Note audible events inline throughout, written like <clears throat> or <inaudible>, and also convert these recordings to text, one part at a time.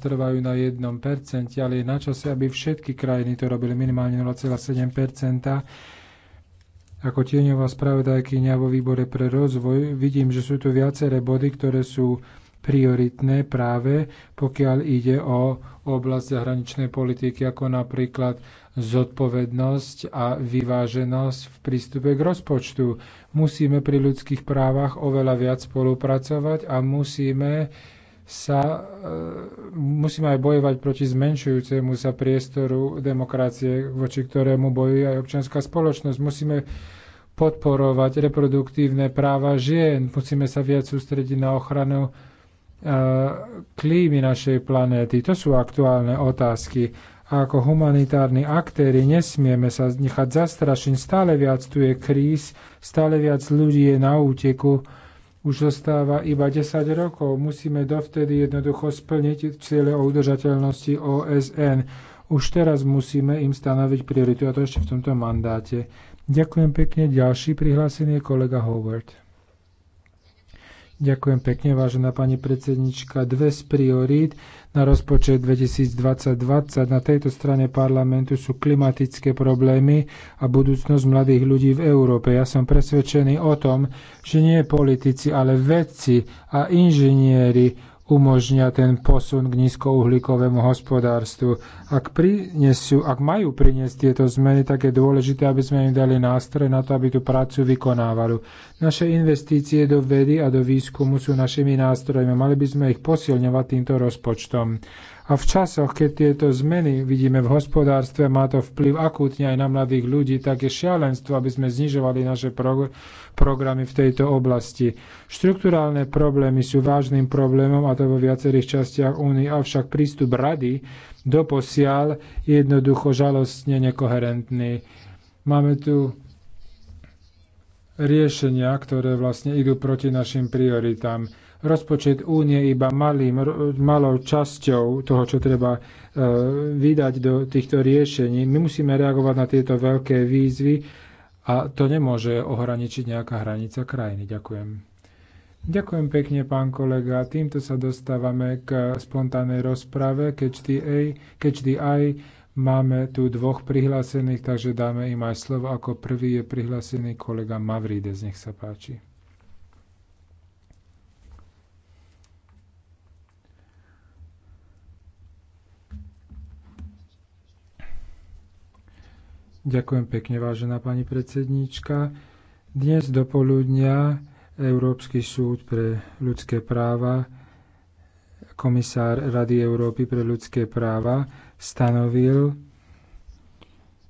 trvajú na 1%, ale je na čase, aby všetky krajiny to robili minimálne 0,7%. Ako tieňová spravodajkynia vo výbore pre rozvoj vidím, že sú tu viaceré body, ktoré sú prioritné práve pokiaľ ide o oblasť zahraničnej politiky, ako napríklad zodpovednosť a vyváženosť v prístupe k rozpočtu. Musíme pri ľudských právach oveľa viac spolupracovať a musíme sa e, musíme aj bojovať proti zmenšujúcemu sa priestoru demokracie, voči ktorému bojuje aj občianská spoločnosť. Musíme podporovať reproduktívne práva žien, musíme sa viac sústrediť na ochranu e, klímy našej planéty. To sú aktuálne otázky. A ako humanitárni aktéry nesmieme sa nechať zastrašiť. Stále viac tu je kríz, stále viac ľudí je na úteku už zostáva iba 10 rokov. Musíme dovtedy jednoducho splniť cieľe o udržateľnosti OSN. Už teraz musíme im stanoviť prioritu, a to ešte v tomto mandáte. Ďakujem pekne. Ďalší prihlásený je kolega Howard. Ďakujem pekne, vážená pani predsednička. Dve z priorít na rozpočet 2020 na tejto strane parlamentu sú klimatické problémy a budúcnosť mladých ľudí v Európe. Ja som presvedčený o tom, že nie politici, ale vedci a inžinieri umožnia ten posun k nízkouhlíkovému hospodárstvu. Ak, prinesú, ak majú priniesť tieto zmeny, tak je dôležité, aby sme im dali nástroj na to, aby tú prácu vykonávali. Naše investície do vedy a do výskumu sú našimi nástrojmi. Mali by sme ich posilňovať týmto rozpočtom. A v časoch, keď tieto zmeny vidíme v hospodárstve, má to vplyv akútne aj na mladých ľudí, tak je šialenstvo, aby sme znižovali naše progr- programy v tejto oblasti. Štrukturálne problémy sú vážnym problémom, a to vo viacerých častiach únie, avšak prístup rady doposiaľ je jednoducho žalostne nekoherentný. Máme tu riešenia, ktoré vlastne idú proti našim prioritám rozpočet únie iba malým, malou časťou toho, čo treba e, vydať do týchto riešení. My musíme reagovať na tieto veľké výzvy a to nemôže ohraničiť nejaká hranica krajiny. Ďakujem. Ďakujem pekne, pán kolega. Týmto sa dostávame k spontánnej rozprave Catch the, aj Máme tu dvoch prihlásených, takže dáme im aj slovo. Ako prvý je prihlásený kolega Mavrides. Nech sa páči. Ďakujem pekne, vážená pani predsednička. Dnes do poludnia Európsky súd pre ľudské práva, komisár Rady Európy pre ľudské práva stanovil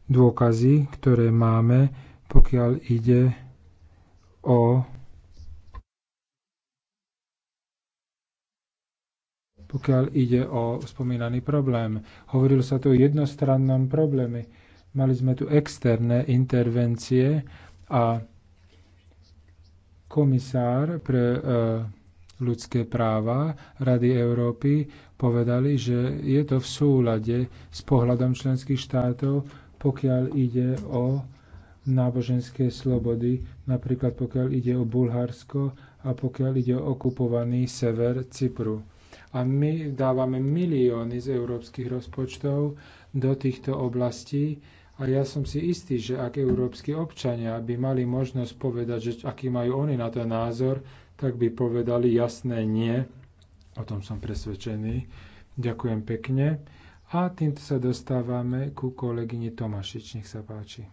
dôkazy, ktoré máme, pokiaľ ide o pokiaľ ide o spomínaný problém. hovoril sa tu o jednostrannom probléme Mali sme tu externé intervencie a komisár pre e, ľudské práva Rady Európy povedali, že je to v súlade s pohľadom členských štátov, pokiaľ ide o náboženské slobody, napríklad pokiaľ ide o Bulharsko a pokiaľ ide o okupovaný sever Cypru a my dávame milióny z európskych rozpočtov do týchto oblastí a ja som si istý, že ak európsky občania by mali možnosť povedať, že aký majú oni na to názor, tak by povedali jasné nie. O tom som presvedčený. Ďakujem pekne. A týmto sa dostávame ku kolegyni Tomašič. Nech sa páči.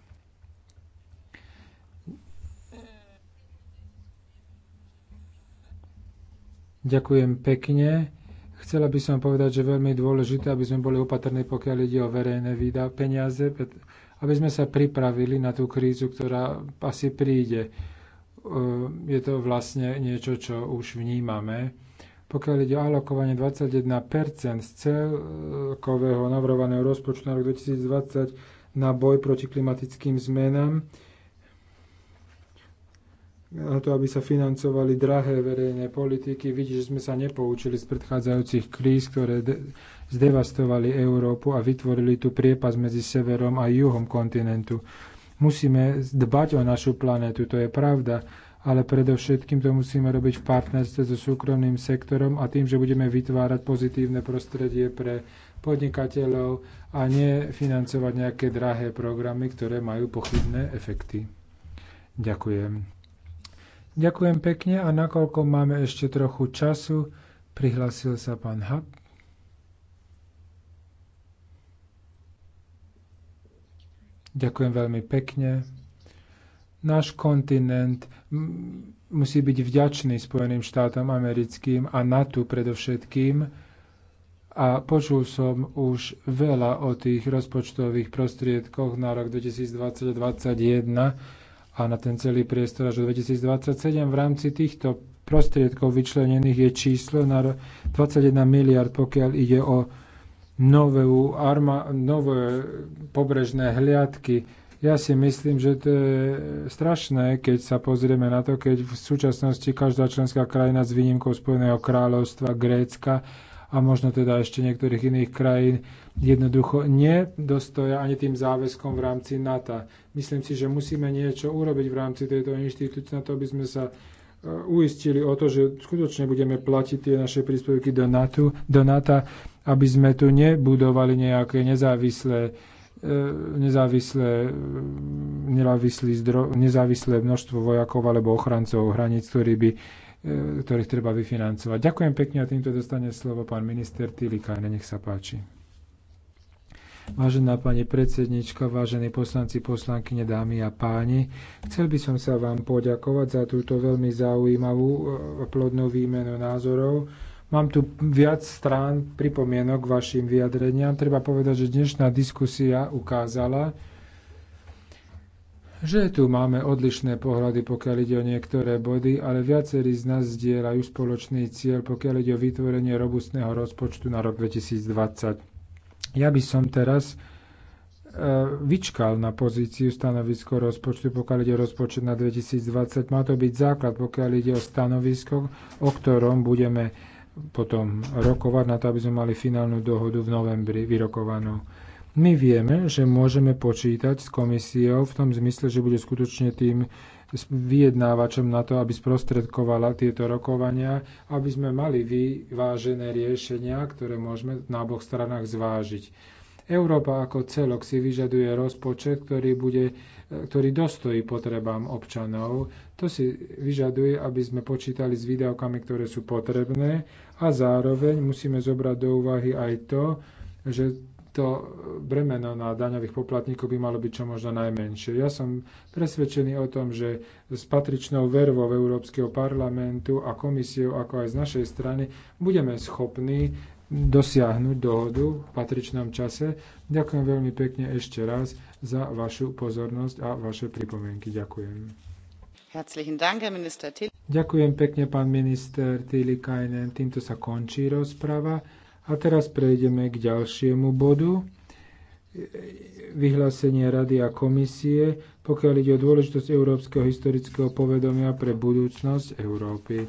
Ďakujem pekne. Chcela by som povedať, že veľmi dôležité, aby sme boli opatrní, pokiaľ ide o verejné výda peniaze, aby sme sa pripravili na tú krízu, ktorá asi príde. E, je to vlastne niečo, čo už vnímame. Pokiaľ ide o alokovanie 21 z celkového navrhovaného rozpočtu na rok 2020 na boj proti klimatickým zmenám, na to, aby sa financovali drahé verejné politiky. Vidí, že sme sa nepoučili z predchádzajúcich kríz, ktoré zdevastovali Európu a vytvorili tu priepas medzi severom a juhom kontinentu. Musíme dbať o našu planetu, to je pravda, ale predovšetkým to musíme robiť v partnerstve so súkromným sektorom a tým, že budeme vytvárať pozitívne prostredie pre podnikateľov a nefinancovať nejaké drahé programy, ktoré majú pochybné efekty. Ďakujem. Ďakujem pekne a nakoľko máme ešte trochu času, prihlásil sa pán Hab. Ďakujem veľmi pekne. Náš kontinent musí byť vďačný Spojeným štátom americkým a NATO predovšetkým, a počul som už veľa o tých rozpočtových prostriedkoch na rok 2020-2021 a na ten celý priestor až do 2027. V rámci týchto prostriedkov vyčlenených je číslo na 21 miliard, pokiaľ ide o arma, nové pobrežné hliadky. Ja si myslím, že to je strašné, keď sa pozrieme na to, keď v súčasnosti každá členská krajina s výnimkou Spojeného kráľovstva, Grécka a možno teda ešte niektorých iných krajín jednoducho nedostoja ani tým záväzkom v rámci NATO. Myslím si, že musíme niečo urobiť v rámci tejto inštitúcie na to, aby sme sa e, uistili o to, že skutočne budeme platiť tie naše príspevky do NATO, do NATO aby sme tu nebudovali nejaké nezávislé e, nezávislé, e, nezávislé, zdro, nezávislé množstvo vojakov alebo ochrancov hraníc, ktorí by E, ktorých treba vyfinancovať. Ďakujem pekne a týmto dostane slovo pán minister Tilikajne. Nech sa páči. Vážená pani predsednička, vážení poslanci, poslankyne, dámy a páni, chcel by som sa vám poďakovať za túto veľmi zaujímavú a e, plodnú výmenu názorov. Mám tu viac strán pripomienok k vašim vyjadreniam. Treba povedať, že dnešná diskusia ukázala, že tu máme odlišné pohľady, pokiaľ ide o niektoré body, ale viacerí z nás zdieľajú spoločný cieľ, pokiaľ ide o vytvorenie robustného rozpočtu na rok 2020. Ja by som teraz e, vyčkal na pozíciu stanovisko rozpočtu, pokiaľ ide o rozpočet na 2020. Má to byť základ, pokiaľ ide o stanovisko, o ktorom budeme potom rokovať na to, aby sme mali finálnu dohodu v novembri vyrokovanú. My vieme, že môžeme počítať s komisiou v tom zmysle, že bude skutočne tým vyjednávačom na to, aby sprostredkovala tieto rokovania, aby sme mali vyvážené riešenia, ktoré môžeme na oboch stranách zvážiť. Európa ako celok si vyžaduje rozpočet, ktorý, bude, e, ktorý dostojí potrebám občanov. To si vyžaduje, aby sme počítali s výdavkami, ktoré sú potrebné a zároveň musíme zobrať do úvahy aj to, že to bremeno na daňových poplatníkov by malo byť čo možno najmenšie. Ja som presvedčený o tom, že s patričnou vervou Európskeho parlamentu a komisiou, ako aj z našej strany, budeme schopní dosiahnuť dohodu v patričnom čase. Ďakujem veľmi pekne ešte raz za vašu pozornosť a vaše pripomienky. Ďakujem. Ďakujem pekne, pán minister Tilikainen. Týmto sa končí rozprava. A teraz prejdeme k ďalšiemu bodu. Vyhlásenie Rady a komisie, pokiaľ ide o dôležitosť európskeho historického povedomia pre budúcnosť Európy.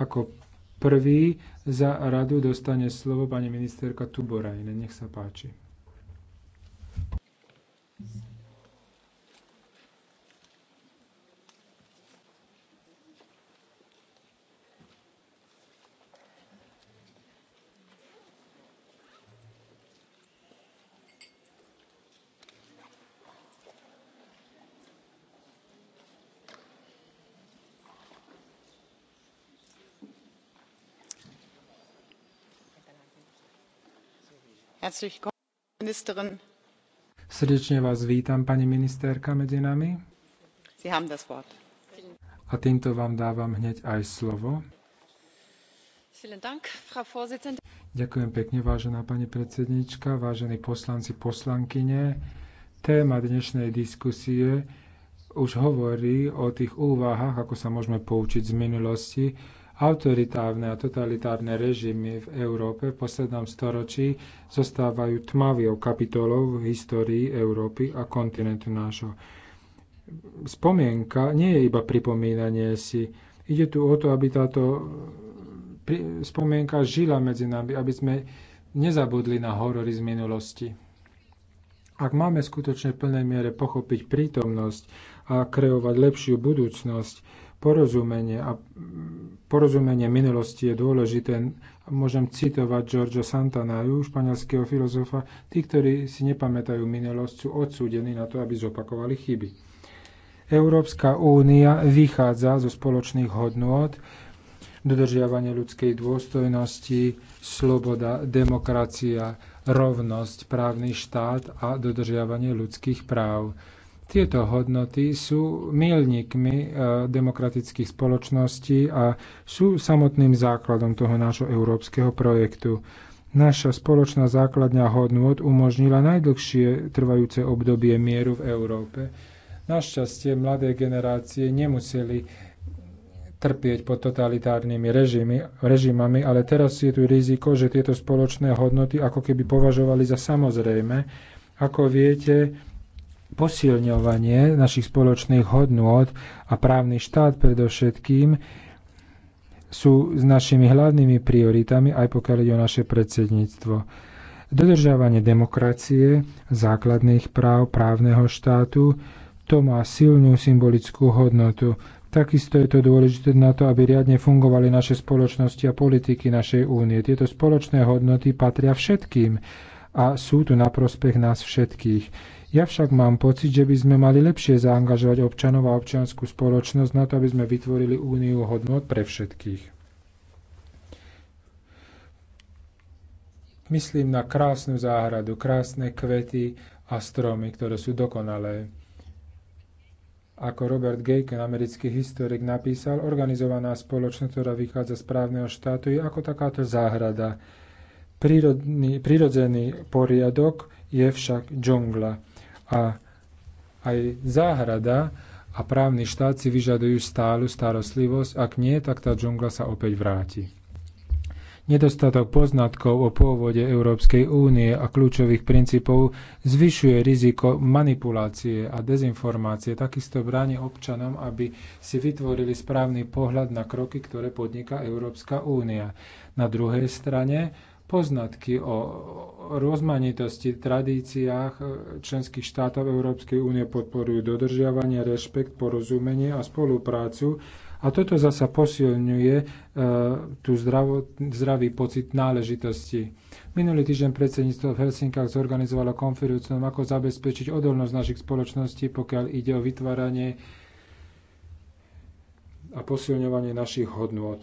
Ako prvý za radu dostane slovo pani ministerka Tuborajne. Nech sa páči. Srdečne vás vítam, pani ministerka, medzi nami. Sie haben das Wort. A týmto vám dávam hneď aj slovo. Ďakujem pekne, vážená pani predsednička, vážení poslanci, poslankyne. Téma dnešnej diskusie už hovorí o tých úvahách, ako sa môžeme poučiť z minulosti, Autoritárne a totalitárne režimy v Európe v poslednom storočí zostávajú tmavou kapitolou v histórii Európy a kontinentu nášho. Spomienka nie je iba pripomínanie si. Ide tu o to, aby táto spomienka žila medzi nami, aby sme nezabudli na horory z minulosti. Ak máme skutočne v plnej miere pochopiť prítomnosť a kreovať lepšiu budúcnosť, Porozumenie, a porozumenie minulosti je dôležité. Môžem citovať Giorgio Santanaju, španielského filozofa. Tí, ktorí si nepamätajú minulosť, sú odsúdení na to, aby zopakovali chyby. Európska únia vychádza zo spoločných hodnôt, dodržiavanie ľudskej dôstojnosti, sloboda, demokracia, rovnosť, právny štát a dodržiavanie ľudských práv. Tieto hodnoty sú milníkmi eh, demokratických spoločností a sú samotným základom toho nášho európskeho projektu. Naša spoločná základňa hodnot umožnila najdlhšie trvajúce obdobie mieru v Európe. Našťastie mladé generácie nemuseli trpieť pod totalitárnymi režimy, režimami, ale teraz je tu riziko, že tieto spoločné hodnoty ako keby považovali za samozrejme. Ako viete, posilňovanie našich spoločných hodnôt a právny štát predovšetkým sú s našimi hlavnými prioritami, aj pokiaľ ide o naše predsedníctvo. Dodržávanie demokracie, základných práv, právneho štátu, to má silnú symbolickú hodnotu. Takisto je to dôležité na to, aby riadne fungovali naše spoločnosti a politiky našej únie. Tieto spoločné hodnoty patria všetkým a sú tu na prospech nás všetkých. Ja však mám pocit, že by sme mali lepšie zaangažovať občanov a občianskú spoločnosť na to, aby sme vytvorili úniu hodnot pre všetkých. Myslím na krásnu záhradu, krásne kvety a stromy, ktoré sú dokonalé. Ako Robert Gaken, americký historik, napísal, organizovaná spoločnosť, ktorá vychádza z právneho štátu, je ako takáto záhrada Prírodný, prírodzený poriadok je však džungla a aj záhrada a právny štát si vyžadujú stálu starostlivosť. Ak nie, tak tá džungla sa opäť vráti. Nedostatok poznatkov o pôvode Európskej únie a kľúčových princípov zvyšuje riziko manipulácie a dezinformácie, takisto bráni občanom, aby si vytvorili správny pohľad na kroky, ktoré podniká Európska únia. Na druhej strane poznatky o rozmanitosti, tradíciách e, členských štátov Európskej únie podporujú dodržiavanie, rešpekt, porozumenie a spoluprácu. A toto zasa posilňuje e, tú zdravo, zdravý pocit náležitosti. Minulý týždeň predsedníctvo v Helsinkách zorganizovalo konferenciu, ako zabezpečiť odolnosť našich spoločností, pokiaľ ide o vytváranie a posilňovanie našich hodnôt.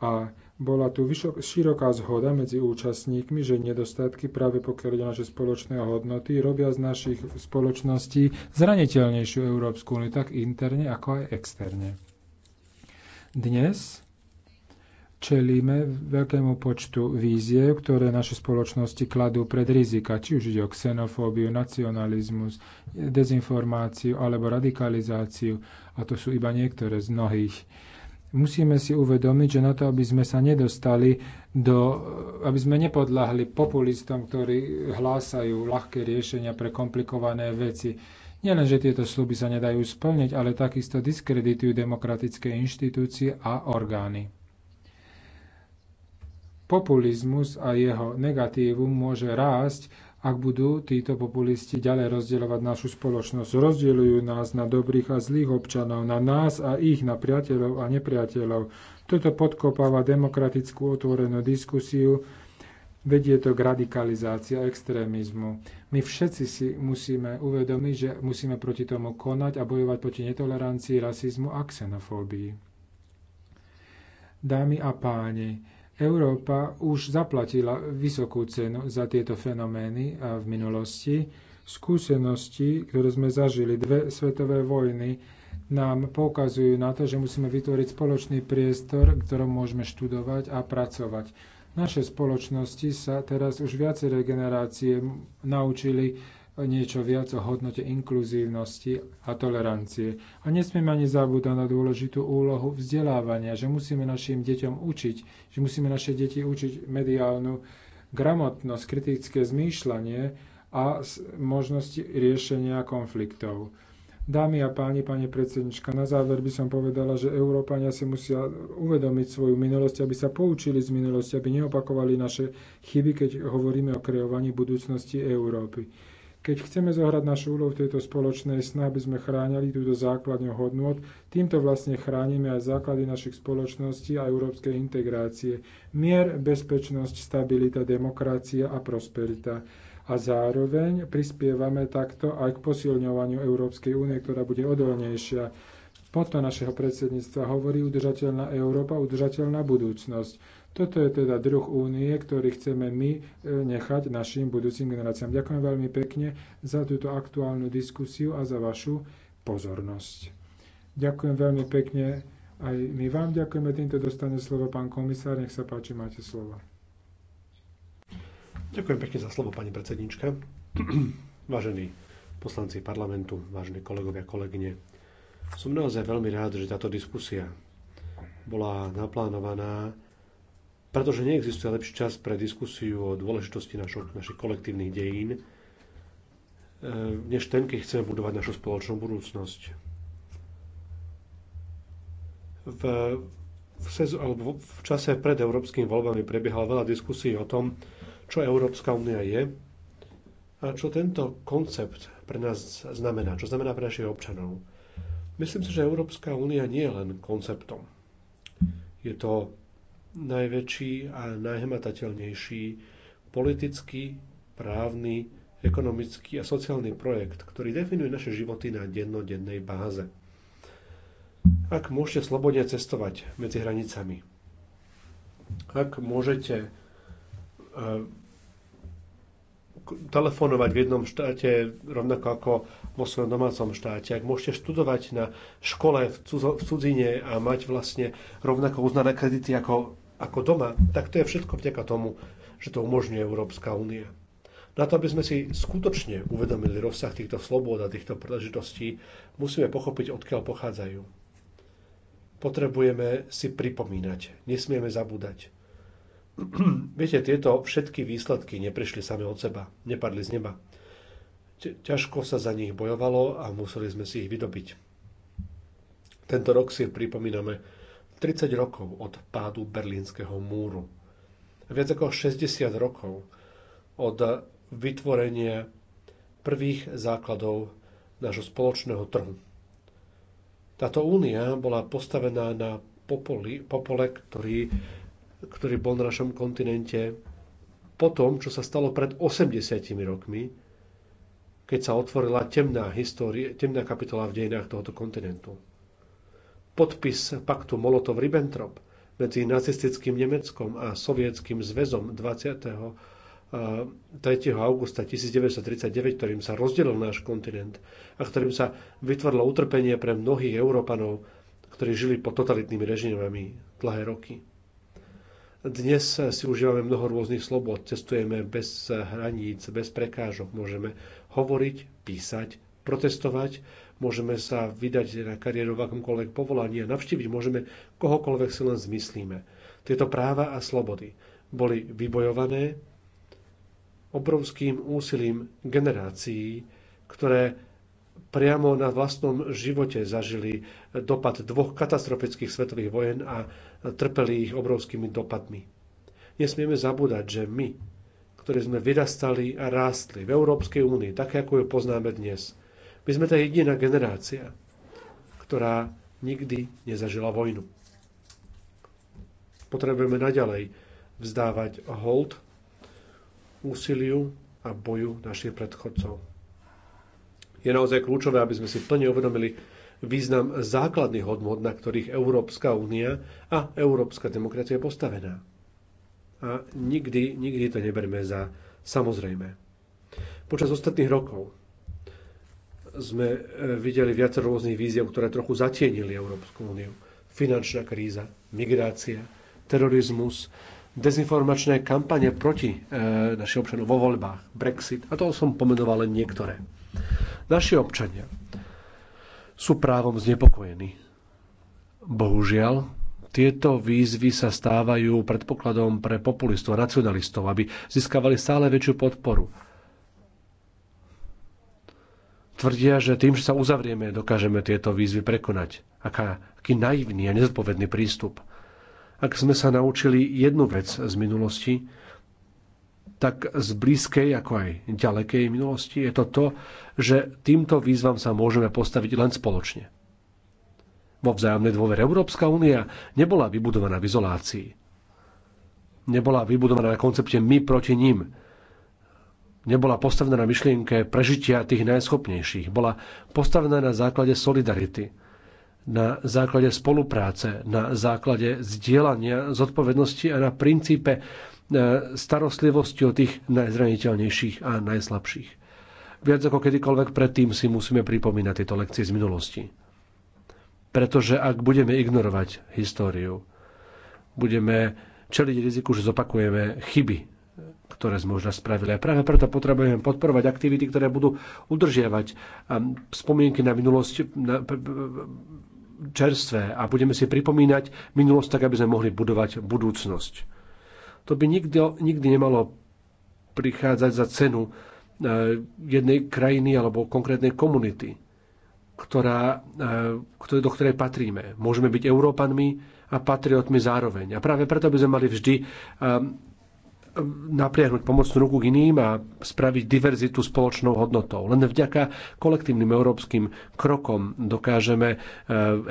A bola tu široká zhoda medzi účastníkmi že nedostatky práve pokiaľ ide o naše spoločné hodnoty robia z našich spoločností zraniteľnejšiu európsku úniu tak interne ako aj externe. dnes čelíme veľkému počtu víziev, ktoré naše spoločnosti kladú pred rizika, či už ide o xenofóbiu, nacionalizmus, dezinformáciu alebo radikalizáciu. A to sú iba niektoré z mnohých. Musíme si uvedomiť, že na to, aby sme sa nedostali do, aby sme nepodľahli populistom, ktorí hlásajú ľahké riešenia pre komplikované veci. Nielen, že tieto sluby sa nedajú splniť, ale takisto diskreditujú demokratické inštitúcie a orgány. Populizmus a jeho negatívum môže rásť ak budú títo populisti ďalej rozdielovať našu spoločnosť. Rozdielujú nás na dobrých a zlých občanov, na nás a ich, na priateľov a nepriateľov. Toto podkopáva demokratickú otvorenú diskusiu, vedie to k radikalizácii a extrémizmu. My všetci si musíme uvedomiť, že musíme proti tomu konať a bojovať proti netolerancii, rasizmu a xenofóbii. Dámy a páni, Európa už zaplatila vysokú cenu za tieto fenomény a v minulosti. Skúsenosti, ktoré sme zažili, dve svetové vojny, nám poukazujú na to, že musíme vytvoriť spoločný priestor, v ktorom môžeme študovať a pracovať. Naše spoločnosti sa teraz už viaceré generácie naučili niečo viac o hodnote inkluzívnosti a tolerancie. A nesmieme ani zabúdať na dôležitú úlohu vzdelávania, že musíme našim deťom učiť, že musíme naše deti učiť mediálnu gramotnosť, kritické zmýšľanie a možnosti riešenia konfliktov. Dámy a páni, pani predsednička, na záver by som povedala, že Európania si musia uvedomiť svoju minulosť, aby sa poučili z minulosti, aby neopakovali naše chyby, keď hovoríme o kreovaní budúcnosti Európy. Keď chceme zohrať našu úlohu v tejto spoločnej sna, aby sme chránili túto základňu hodnot, týmto vlastne chránime aj základy našich spoločností a európskej integrácie. Mier, bezpečnosť, stabilita, demokracia a prosperita a zároveň prispievame takto aj k posilňovaniu Európskej únie, ktorá bude odolnejšia. Potom našeho predsedníctva hovorí udržateľná Európa, udržateľná budúcnosť. Toto je teda druh únie, ktorý chceme my e, nechať našim budúcim generáciám. Ďakujem veľmi pekne za túto aktuálnu diskusiu a za vašu pozornosť. Ďakujem veľmi pekne aj my vám ďakujeme. Týmto dostane slovo pán komisár. Nech sa páči, máte slovo. Ďakujem pekne za slovo, pani predsednička. <clears throat> Vážení poslanci parlamentu, vážení kolegovia, kolegyne, som naozaj veľmi rád, že táto diskusia bola naplánovaná pretože neexistuje lepší čas pre diskusiu o dôležitosti našo, našich kolektívnych dejín, e, než ten, keď chceme budovať našu spoločnú budúcnosť. V, v, sezu, alebo v čase pred európskymi voľbami prebiehala veľa diskusí o tom, čo Európska únia je a čo tento koncept pre nás znamená, čo znamená pre našich občanov. Myslím si, že Európska únia nie je len konceptom. Je to najväčší a najhmatateľnejší politický právny ekonomický a sociálny projekt ktorý definuje naše životy na dennodennej báze ak môžete slobodne cestovať medzi hranicami ak môžete eh, telefonovať v jednom štáte rovnako ako vo svojom domácom štáte, ak môžete študovať na škole v, cudzine a mať vlastne rovnako uznané kredity ako ako doma, tak to je všetko vďaka tomu, že to umožňuje Európska únia. Na to, aby sme si skutočne uvedomili rozsah týchto slobôd a týchto príležitostí, musíme pochopiť, odkiaľ pochádzajú. Potrebujeme si pripomínať, nesmieme zabúdať. <clears throat> Viete, tieto všetky výsledky neprišli sami od seba, nepadli z neba. Ťažko sa za nich bojovalo a museli sme si ich vydobiť. Tento rok si pripomíname 30 rokov od pádu berlínskeho múru viac ako 60 rokov od vytvorenia prvých základov nášho spoločného trhu táto únia bola postavená na popole ktorý, ktorý bol na našom kontinente po tom, čo sa stalo pred 80 rokmi, keď sa otvorila temná, história, temná kapitola v dejinách tohoto kontinentu. Podpis paktu Molotov-Ribbentrop medzi nacistickým Nemeckom a Sovietským zväzom 23. Eh, augusta 1939, ktorým sa rozdelil náš kontinent a ktorým sa vytvorilo utrpenie pre mnohých Európanov, ktorí žili pod totalitnými režimami dlhé roky. Dnes si užívame mnoho rôznych slobod, cestujeme bez hraníc, bez prekážok, môžeme hovoriť, písať, protestovať môžeme sa vydať na kariéru v akomkoľvek povolaní a navštíviť môžeme kohokoľvek si len zmyslíme. Tieto práva a slobody boli vybojované obrovským úsilím generácií, ktoré priamo na vlastnom živote zažili dopad dvoch katastrofických svetových vojen a trpeli ich obrovskými dopadmi. Nesmieme zabúdať, že my, ktorí sme vyrastali a rástli v Európskej únii, tak ako ju poznáme dnes, my sme tá jediná generácia, ktorá nikdy nezažila vojnu. Potrebujeme naďalej vzdávať hold úsiliu a boju našich predchodcov. Je naozaj kľúčové, aby sme si plne uvedomili význam základných hodnot, na ktorých Európska únia a európska demokracia je postavená. A nikdy, nikdy to neberme za samozrejme. Počas ostatných rokov sme e, videli viac rôznych víziev, ktoré trochu zatienili Európsku úniu. Finančná kríza, migrácia, terorizmus, dezinformačné kampane proti e, našim občanom vo voľbách, Brexit. A toho som pomenoval len niektoré. Naši občania sú právom znepokojení. Bohužiaľ, tieto výzvy sa stávajú predpokladom pre populistov a nacionalistov, aby získavali stále väčšiu podporu tvrdia, že tým, že sa uzavrieme, dokážeme tieto výzvy prekonať. Aká, aký naivný a nezodpovedný prístup. Ak sme sa naučili jednu vec z minulosti, tak z blízkej, ako aj ďalekej minulosti, je to to, že týmto výzvam sa môžeme postaviť len spoločne. Vo vzájomnej dôvere Európska únia nebola vybudovaná v izolácii. Nebola vybudovaná na koncepte my proti ním, nebola postavená na myšlienke prežitia tých najschopnejších. Bola postavená na základe solidarity, na základe spolupráce, na základe zdieľania zodpovednosti a na princípe e, starostlivosti o tých najzraniteľnejších a najslabších. Viac ako kedykoľvek predtým si musíme pripomínať tieto lekcie z minulosti. Pretože ak budeme ignorovať históriu, budeme čeliť riziku, že zopakujeme chyby ktoré sme už spravili. A práve preto potrebujeme podporovať aktivity, ktoré budú udržiavať spomienky na minulosť na, čerstvé a budeme si pripomínať minulosť tak, aby sme mohli budovať budúcnosť. To by nikdy, nikdy nemalo prichádzať za cenu e, jednej krajiny alebo konkrétnej komunity, ktorá, e, do ktorej patríme. Môžeme byť Európanmi a patriotmi zároveň. A práve preto by sme mali vždy e, napriahnuť pomocnú ruku k iným a spraviť diverzitu spoločnou hodnotou. Len vďaka kolektívnym európskym krokom dokážeme e,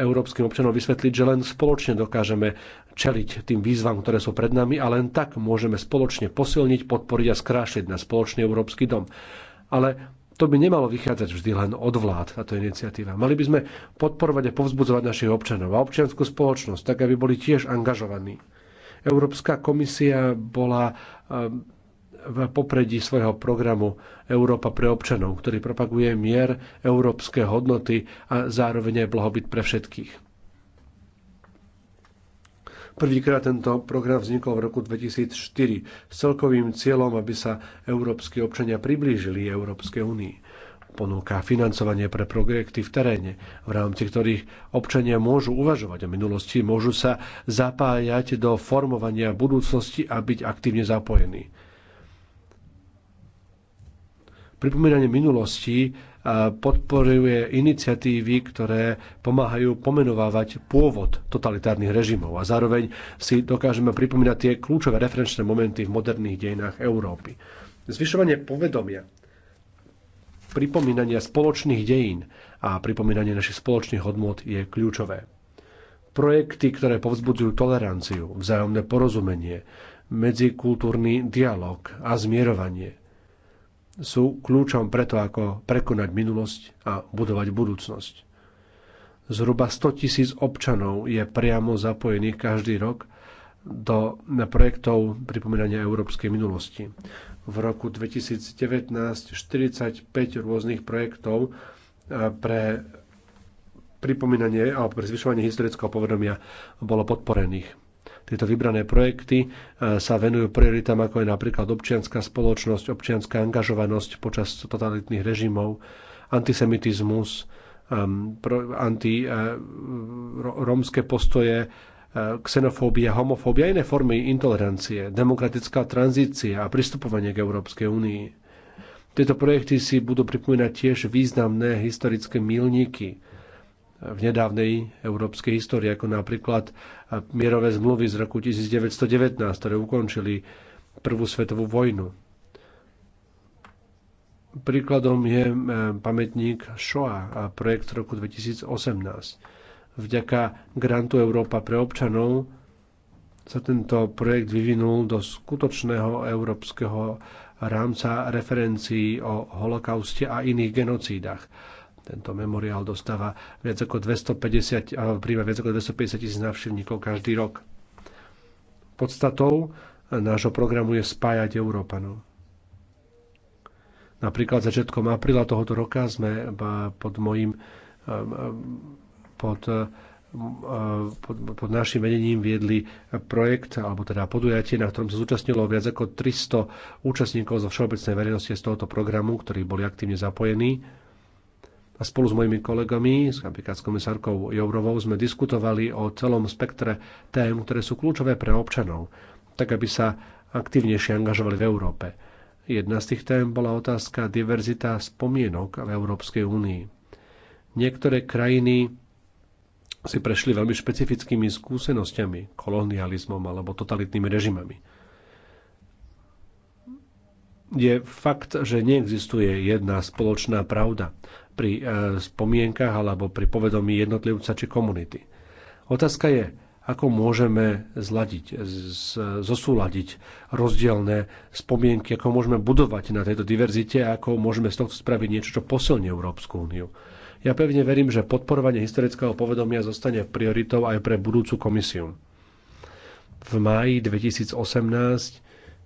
európskym občanom vysvetliť, že len spoločne dokážeme čeliť tým výzvam, ktoré sú pred nami a len tak môžeme spoločne posilniť, podporiť a skrášliť na spoločný európsky dom. Ale to by nemalo vychádzať vždy len od vlád, táto iniciatíva. Mali by sme podporovať a povzbudzovať našich občanov a občianskú spoločnosť, tak aby boli tiež angažovaní. Európska komisia bola eh, v popredí svojho programu Európa pre občanov, ktorý propaguje mier, európske hodnoty a zároveň aj blahobyt pre všetkých. Prvýkrát tento program vznikol v roku 2004 s celkovým cieľom, aby sa európsky občania priblížili Európskej únii ponúka financovanie pre projekty v teréne, v rámci ktorých občania môžu uvažovať o minulosti, môžu sa zapájať do formovania budúcnosti a byť aktívne zapojení. Pripomínanie minulosti podporuje iniciatívy, ktoré pomáhajú pomenovávať pôvod totalitárnych režimov a zároveň si dokážeme pripomínať tie kľúčové referenčné momenty v moderných dejinách Európy. Zvyšovanie povedomia pripomínanie spoločných dejín a pripomínanie našich spoločných hodnot je kľúčové. Projekty, ktoré povzbudzujú toleranciu, vzájomné porozumenie, medzikultúrny dialog a zmierovanie sú kľúčom preto, ako prekonať minulosť a budovať budúcnosť. Zhruba 100 tisíc občanov je priamo zapojených každý rok do projektov pripomínania európskej minulosti. V roku 2019 45 rôznych projektov e, pre pripomínanie alebo pre zvyšovanie historického povedomia bolo podporených. Tieto vybrané projekty e, sa venujú prioritám ako je napríklad občianská spoločnosť, občianská angažovanosť počas totalitných režimov, antisemitizmus, e, anti, postoje, Eh, xenofóbia, homofóbia a iné formy intolerancie, demokratická tranzícia a pristupovanie k Európskej únii. Tieto projekty si budú pripomínať tiež významné historické milníky eh, v nedávnej európskej histórii, ako napríklad eh, mierové zmluvy z roku 1919, ktoré ukončili Prvú svetovú vojnu. Príkladom je pamätník Shoah a projekt z roku 2018 vďaka grantu Európa pre občanov sa tento projekt vyvinul do skutočného európskeho rámca referencií o holokauste a iných genocídach. Tento memoriál dostáva viac ako 250, príjma viac ako 250 tisíc návštevníkov každý rok. Podstatou nášho programu je spájať Európanov. Napríklad začiatkom apríla tohoto roka sme pod mojim pod, eh, pod, pod našim vedením viedli projekt, alebo teda podujatie, na ktorom sa zúčastnilo viac ako 300 účastníkov zo všeobecnej verejnosti z tohoto programu, ktorí boli aktívne zapojení. A spolu s mojimi kolegami, s napríklad s komisárkou Jourovou, sme diskutovali o celom spektre tém, ktoré sú kľúčové pre občanov, tak aby sa aktívnejšie angažovali v Európe. Jedna z tých tém bola otázka diverzita spomienok v Európskej únii. Niektoré krajiny si prešli veľmi špecifickými skúsenosťami, kolonializmom alebo totalitnými režimami. Je fakt, že neexistuje jedna spoločná pravda pri e, spomienkach alebo pri povedomí jednotlivca či komunity. Otázka je, ako môžeme zladiť, zosúladiť rozdielne spomienky, ako môžeme budovať na tejto diverzite a ako môžeme z toho spraviť niečo, čo posilní Európsku úniu. Ja pevne verím, že podporovanie historického povedomia zostane prioritou aj pre budúcu komisiu. V máji 2018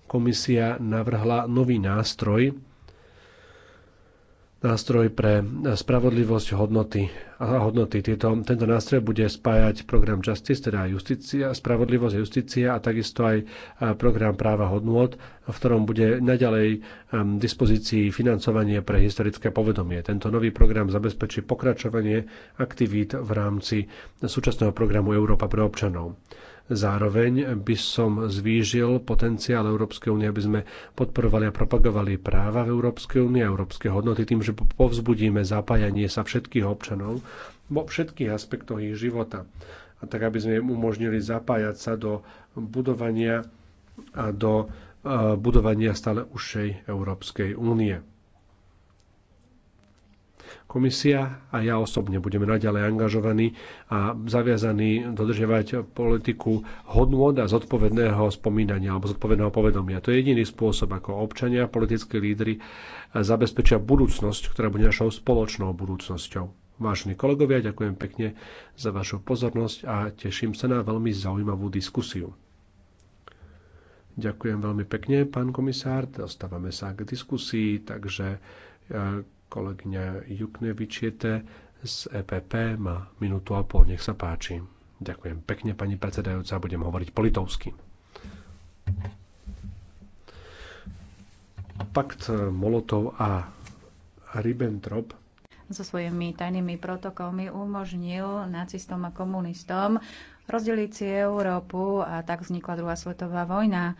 komisia navrhla nový nástroj nástroj pre spravodlivosť hodnoty a hodnoty. Tieto, tento nástroj bude spájať program Justice, teda justícia, spravodlivosť a justícia a takisto aj program práva hodnôt, v ktorom bude naďalej um, dispozícii financovanie pre historické povedomie. Tento nový program zabezpečí pokračovanie aktivít v rámci súčasného programu Európa pre občanov. Zároveň by som zvýžil potenciál Európskej únie, aby sme podporovali a propagovali práva v Európskej únie a európske hodnoty tým, že povzbudíme zapájanie sa všetkých občanov vo všetkých aspektoch ich života. A tak, aby sme im umožnili zapájať sa do budovania a do eh, budovania stále užšej Európskej únie. Komisia a ja osobne budeme naďalej angažovaní a zaviazaní dodržiavať politiku hodnôt a zodpovedného spomínania alebo zodpovedného povedomia. To je jediný spôsob, ako občania, politickí lídry zabezpečia budúcnosť, ktorá bude našou spoločnou budúcnosťou. Vážení kolegovia, ďakujem pekne za vašu pozornosť a teším sa na veľmi zaujímavú diskusiu. Ďakujem veľmi pekne, pán komisár. Dostávame sa k diskusii, takže eh, Kolegyňa jukne Juknevičiete z EPP má minútu a pol. Nech sa páči. Ďakujem pekne, pani predsedajúca. Budem hovoriť po litovsky. Pakt Molotov a Ribbentrop so svojimi tajnými protokolmi umožnil nacistom a komunistom rozdeliť si Európu a tak vznikla druhá svetová vojna.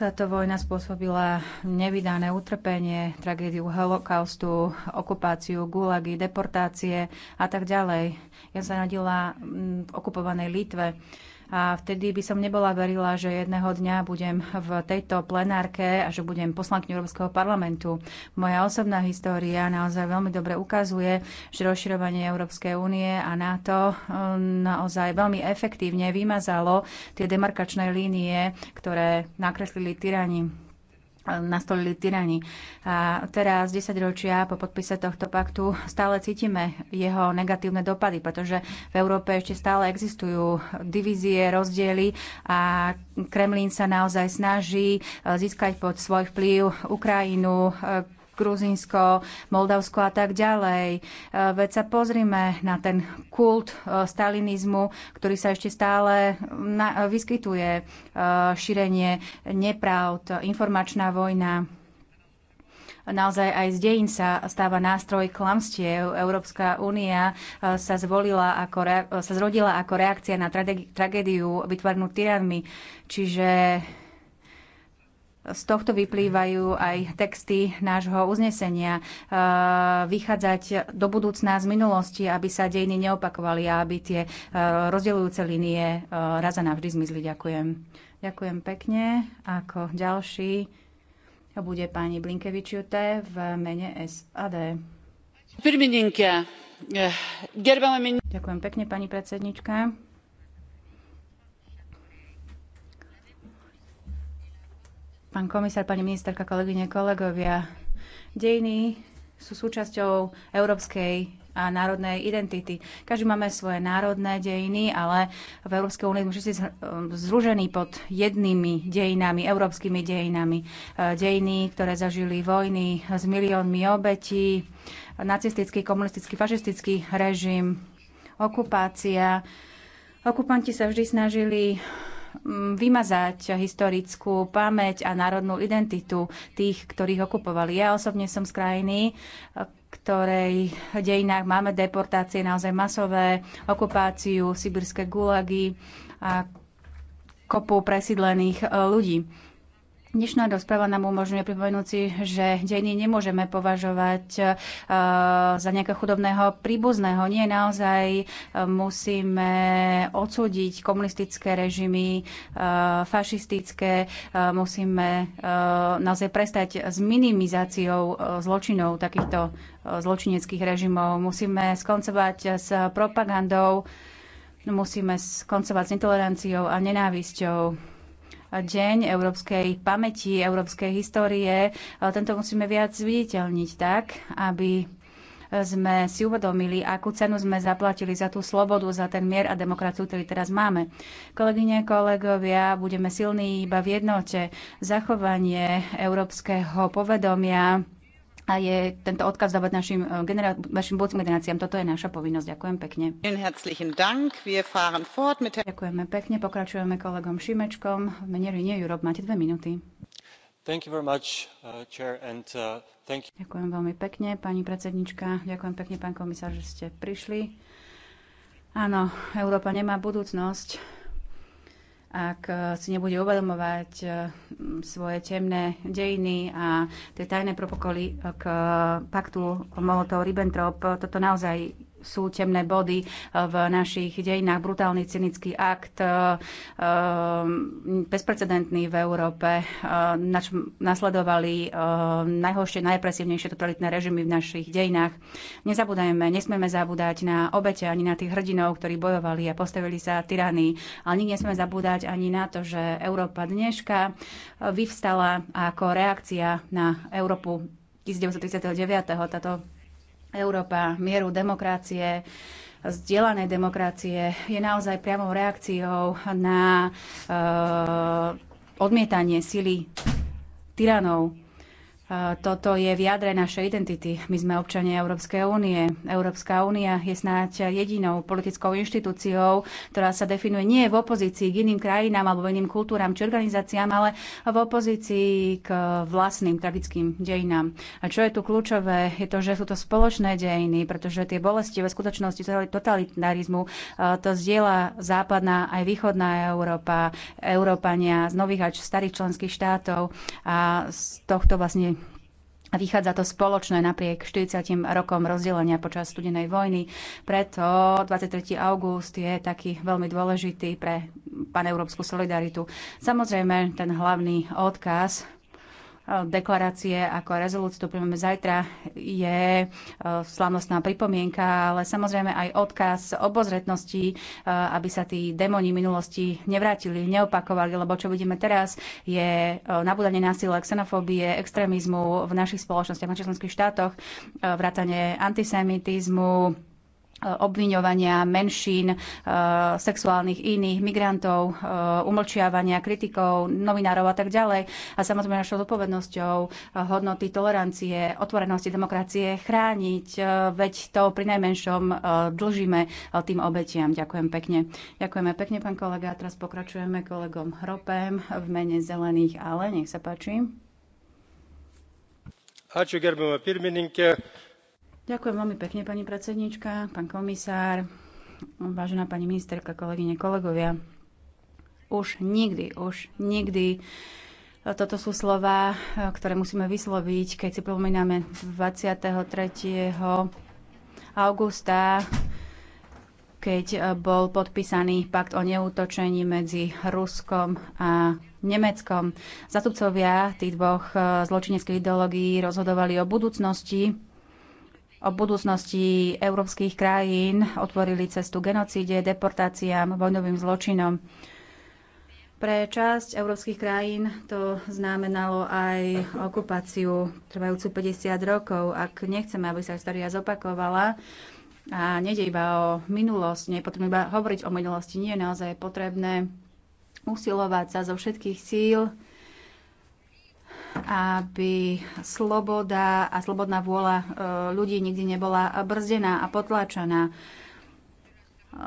Táto vojna spôsobila nevydané utrpenie, tragédiu holokaustu, okupáciu, gulagy, deportácie a tak ďalej. Ja sa narodila mm, v okupovanej Litve a vtedy by som nebola verila, že jedného dňa budem v tejto plenárke a že budem poslankyňou Európskeho parlamentu. Moja osobná história naozaj veľmi dobre ukazuje, že rozširovanie Európskej únie a NATO um, naozaj veľmi efektívne vymazalo tie demarkačné línie, ktoré nakreslili tyrani nastolili tyrani. A teraz, 10 ročia po podpise tohto paktu, stále cítime jeho negatívne dopady, pretože v Európe ešte stále existujú divízie, rozdiely a Kremlín sa naozaj snaží eh, získať pod svoj vplyv Ukrajinu, eh, Gruzinsko, Moldavsko a tak ďalej. E, veď sa pozrime na ten kult e, stalinizmu, ktorý sa ešte stále e, vyskytuje. Šírenie nepravd, informačná vojna naozaj aj z dejín sa stáva nástroj klamstiev. Európska únia sa, zvolila ako rea- sa zrodila ako reakcia na tragédiu vytvornú tyranmi. Čiže z tohto vyplývajú aj texty nášho uznesenia. E, vychádzať do budúcna z minulosti, aby sa dejiny neopakovali a aby tie e, rozdeľujúce línie e, raz a navždy zmizli. Ďakujem. Ďakujem pekne. Ako ďalší bude pani Blinkevičiute v mene SAD. Ďakujem pekne, pani predsednička. pán komisár, pani ministerka, kolegyne, kolegovia. Dejiny sú súčasťou európskej a národnej identity. Každý máme svoje národné dejiny, ale v Európskej únii sme všetci zružení pod jednými dejinami, európskymi dejinami. E, dejiny, ktoré zažili vojny s miliónmi obetí, nacistický, komunistický, fašistický režim, okupácia. Okupanti sa vždy snažili vymazať historickú pamäť a národnú identitu tých, ktorých okupovali. Ja osobne som z krajiny, ktorej dejinách máme deportácie naozaj masové, okupáciu, sibirské gulagy a kopu presídlených e, ľudí. Dnešná rozpráva nám umožňuje pripomenúť si, že dejiny nemôžeme považovať e, za nejakého chudobného príbuzného. Nie, naozaj e, musíme odsúdiť komunistické režimy, e, fašistické, musíme naozaj prestať s minimizáciou zločinov takýchto zločineckých režimov. Musíme skoncovať s propagandou, musíme skoncovať s intoleranciou a nenávisťou deň európskej pamäti, európskej histórie. Tento musíme viac zviditeľniť tak, aby sme si uvedomili, akú cenu sme zaplatili za tú slobodu, za ten mier a demokraciu, ktorý teraz máme. Kolegyne, kolegovia, budeme silní iba v jednote. Zachovanie európskeho povedomia a je tento odkaz dávať našim, eh, genera- našim budúcim generáciám. Toto je naša povinnosť. Ďakujem pekne. Ďakujeme pekne. Pokračujeme kolegom Šimečkom. V mene Renew Europe máte dve minúty. Much, uh, chair, and, uh, ďakujem veľmi pekne, pani predsednička. Ďakujem pekne, pán komisár, že ste prišli. Áno, Európa nemá budúcnosť, ak eh, si nebude uvedomovať eh, svoje temné dejiny a tie tajné propokoly k eh, paktu Molotov-Ribbentrop, toto naozaj sú temné body eh, v našich dejinách. Brutálny cynický akt, eh, eh, bezprecedentný v Európe, na čo nasledovali najhoršie, najpresívnejšie totalitné režimy v našich dejinách. Nezabúdajme, nesmieme zabúdať na obete ani na tých hrdinov, ktorí bojovali a postavili sa tyranii. Ale nikdy nesmieme zabúdať ani na to, že Európa dneška vyvstala ako reakcia na Európu 1939. Táto Európa mieru demokracie, zdieľanej demokracie je naozaj priamou reakciou na e, odmietanie sily tyranov toto je v jadre našej identity. My sme občania Európskej únie. Európska únia je snáď jedinou politickou inštitúciou, ktorá sa definuje nie v opozícii k iným krajinám alebo iným kultúram či organizáciám, ale v opozícii k vlastným tragickým dejinám. A čo je tu kľúčové, je to, že sú to spoločné dejiny, pretože tie bolestivé skutočnosti totalitarizmu to zdieľa západná aj východná Európa, Európania z nových a starých členských štátov a z tohto vlastne a Vychádza to spoločné napriek 40 rokom rozdelenia počas studenej vojny, preto 23. august je taký veľmi dôležitý pre paneurópsku solidaritu. Samozrejme, ten hlavný odkaz deklarácie ako rezolúciu, ktorú príjmeme zajtra, je eh, slavnostná pripomienka, ale samozrejme aj odkaz obozretnosti, eh, aby sa tí demoni minulosti nevrátili, neopakovali, lebo čo vidíme teraz je eh, nabúdanie násilia, xenofóbie, extrémizmu v našich spoločnostiach, na členských štátoch, vrátanie antisemitizmu, obviňovania menšín, e, sexuálnych iných, migrantov, e, umlčiavania kritikov, novinárov a tak ďalej. A samozrejme našou zodpovednosťou e, hodnoty tolerancie, otvorenosti demokracie chrániť, veď to pri najmenšom dlžíme tým obetiam. Ďakujem pekne. Ďakujeme pekne, pán kolega. A teraz pokračujeme kolegom Hropem v mene zelených, ale nech sa páči. Ačiū, gerbama pirmininkė. Ďakujem veľmi pekne, pani predsednička, pán komisár, vážená pani ministerka, kolegyne, kolegovia. Už nikdy, už nikdy toto sú slova, ktoré musíme vysloviť, keď si pomíname 23. augusta, keď bol podpísaný pakt o neútočení medzi Ruskom a Nemeckom. Zatupcovia tých dvoch zločineckých ideológií rozhodovali o budúcnosti o budúcnosti európskych krajín, otvorili cestu genocíde, deportáciám, vojnovým zločinom. Pre časť európskych krajín to znamenalo aj okupáciu trvajúcu 50 rokov. Ak nechceme, aby sa história zopakovala, a nejde iba o minulosť, nie je potrebné iba hovoriť o minulosti, nie je naozaj potrebné usilovať sa zo všetkých síl, aby sloboda a slobodná vôľa e, ľudí nikdy nebola brzdená a potláčaná.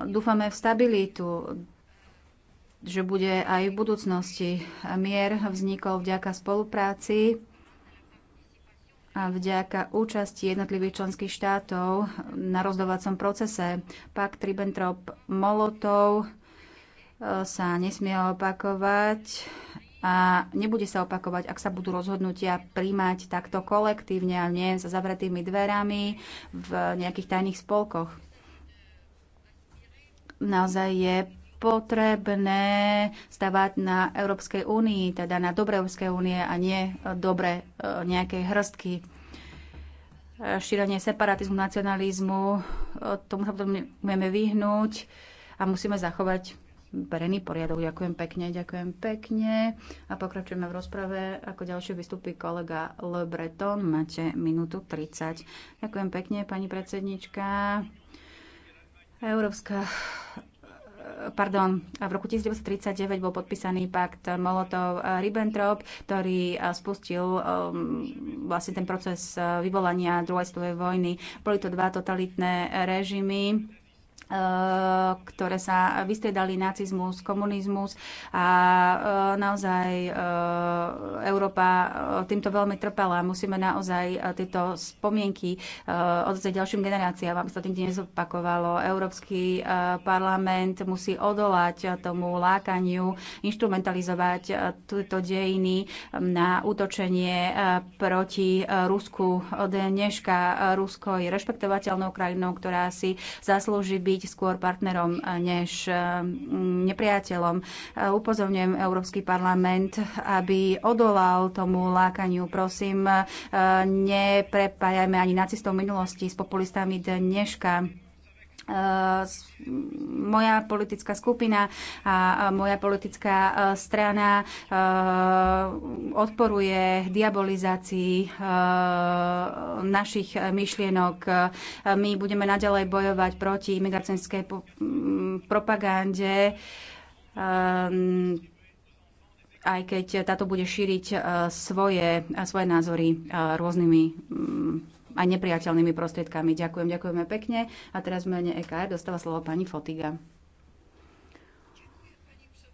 Dúfame v stabilitu, že bude aj v budúcnosti. Mier vznikol vďaka spolupráci a vďaka účasti jednotlivých členských štátov na rozdovacom procese Pak Ribbentrop-Molotov e, sa nesmie opakovať a nebude sa opakovať, ak sa budú rozhodnutia príjmať takto kolektívne a nie za zavretými dverami v nejakých tajných spolkoch. Naozaj je potrebné stavať na Európskej únii, teda na dobre Európskej únie a nie e, dobre e, nejakej hrstky e, šírenie separatizmu, nacionalizmu, tomu sa budeme vyhnúť a musíme zachovať verejný poriadok. Ďakujem pekne, ďakujem pekne. A pokračujeme v rozprave. Ako ďalšie vystupí kolega Le Breton. Máte minútu 30. Ďakujem pekne, pani predsednička. Európska pardon, v roku 1939 bol podpísaný pakt Molotov-Ribbentrop, ktorý eh, spustil eh, vlastne ten proces eh, vyvolania druhej svetovej vojny. Boli to dva totalitné režimy E, ktoré sa vystriedali nacizmus, komunizmus a e, naozaj e, Európa týmto veľmi trpela. Musíme naozaj tieto spomienky odzdať ďalším generáciám, aby sa to nikdy nezopakovalo. Európsky parlament musí odolať tomu lákaniu, instrumentalizovať tieto dejiny na útočenie proti Rusku. Dneška Rusko je rešpektovateľnou krajinou, ktorá si zaslúži byť byť skôr partnerom e, než e, nepriateľom. E, upozorňujem Európsky parlament, aby odolal tomu lákaniu. Prosím, neprepájajme ani nacistov minulosti s populistami dneška E, moja politická skupina a moja politická e, strana e, odporuje diabolizácii našich myšlienok. My budeme naďalej bojovať proti imigracenskej propagande aj keď táto bude šíriť svoje, svoje názory rôznymi aj nepriateľnými prostriedkami. Ďakujem, ďakujeme pekne. A teraz v mene EKR dostáva slovo pani Fotiga.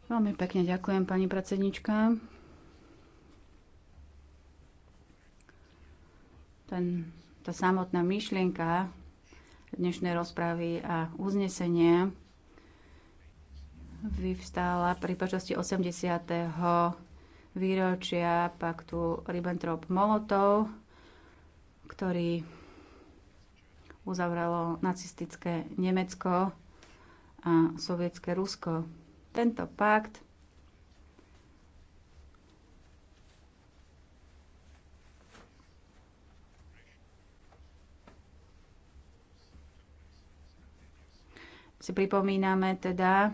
Veľmi pekne ďakujem, pani predsednička. Ten, tá samotná myšlienka dnešnej rozpravy a uznesenie vyvstala pri počasti 80. výročia paktu Ribbentrop-Molotov ktorý uzavralo nacistické Nemecko a sovietské Rusko. Tento pakt si pripomíname teda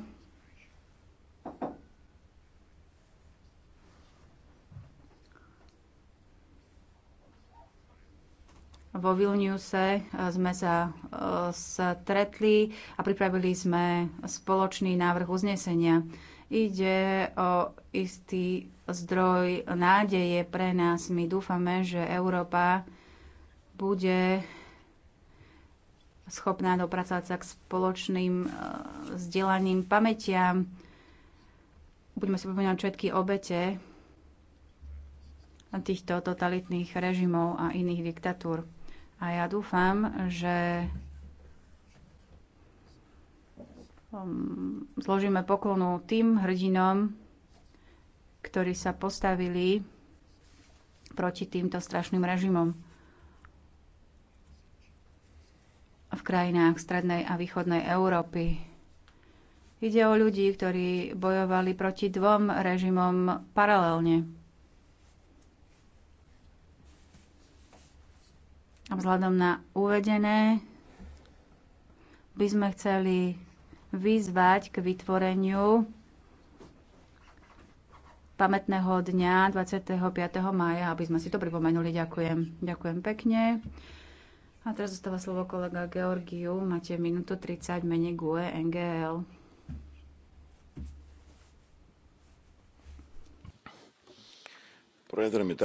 Vo Vilniuse e, sme sa e, stretli a pripravili sme spoločný návrh uznesenia. Ide o istý zdroj nádeje pre nás. My dúfame, že Európa bude schopná dopracovať sa k spoločným e, vzdelaním pamätiam. Budeme si pripomínať všetky obete týchto totalitných režimov a iných diktatúr. A ja dúfam, že um, zložíme poklonu tým hrdinom, ktorí sa postavili proti týmto strašným režimom v krajinách strednej a východnej Európy. Ide o ľudí, ktorí bojovali proti dvom režimom paralelne. Vzhľadom na uvedené by sme chceli vyzvať k vytvoreniu pamätného dňa 25. maja, aby sme si to pripomenuli. Ďakujem. Ďakujem pekne. A teraz zostáva slovo kolega Georgiu. Máte minútu 30 menej GUE NGL. Ďakujem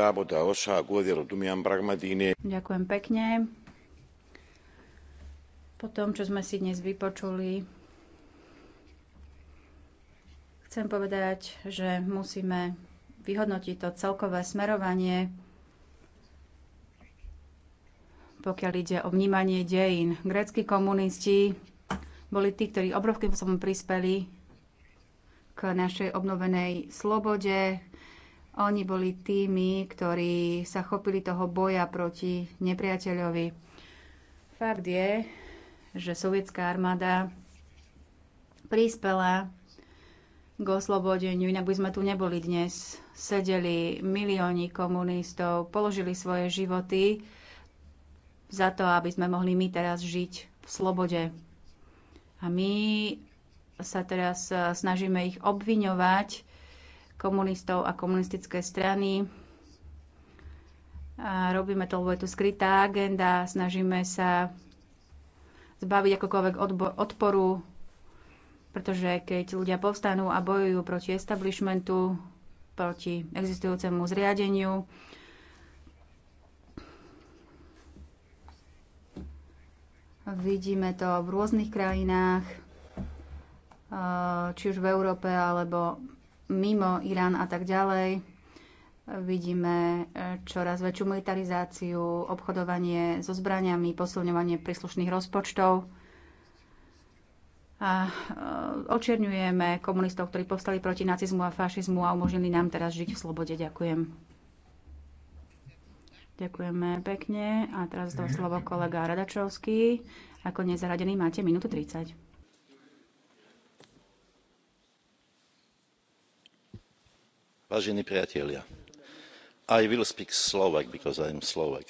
pekne. Po tom, čo sme si dnes vypočuli, chcem povedať, že musíme vyhodnotiť to celkové smerovanie, pokiaľ ide o vnímanie dejín. Grécky komunisti boli tí, ktorí obrovským spôsobom prispeli k našej obnovenej slobode, oni boli tými, ktorí sa chopili toho boja proti nepriateľovi. Fakt je, že sovietská armáda prispela k oslobodeniu, inak by sme tu neboli dnes. Sedeli milióni komunistov, položili svoje životy za to, aby sme mohli my teraz žiť v slobode. A my sa teraz eh, snažíme ich obviňovať komunistov a komunistické strany. A robíme to, lebo je tu skrytá agenda, snažíme sa zbaviť akokoľvek odporu, pretože keď ľudia povstanú a bojujú proti establishmentu, proti existujúcemu zriadeniu, Vidíme to v rôznych krajinách, či už v Európe alebo mimo Irán a tak ďalej. Vidíme e, čoraz väčšiu militarizáciu, obchodovanie so zbraniami, posilňovanie príslušných rozpočtov. A e, očierňujeme komunistov, ktorí povstali proti nacizmu a fašizmu a umožnili nám teraz žiť v slobode. Ďakujem. Ďakujeme pekne. A teraz dostáva slovo kolega Radačovský. Ako nezaradený máte minútu 30. vážení priatelia i will speak slovak because i am slovak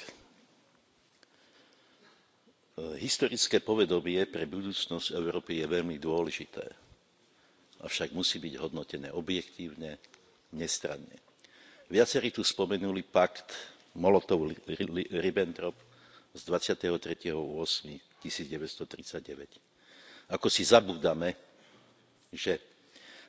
historické povedomie pre budúcnosť európy je veľmi dôležité avšak musí byť hodnotené objektívne nestranne. viacerí tu spomenuli pakt molotov ribbentrop z. twenty three. eight. one thousand nine hundred and thirty nine ako si zabúdame že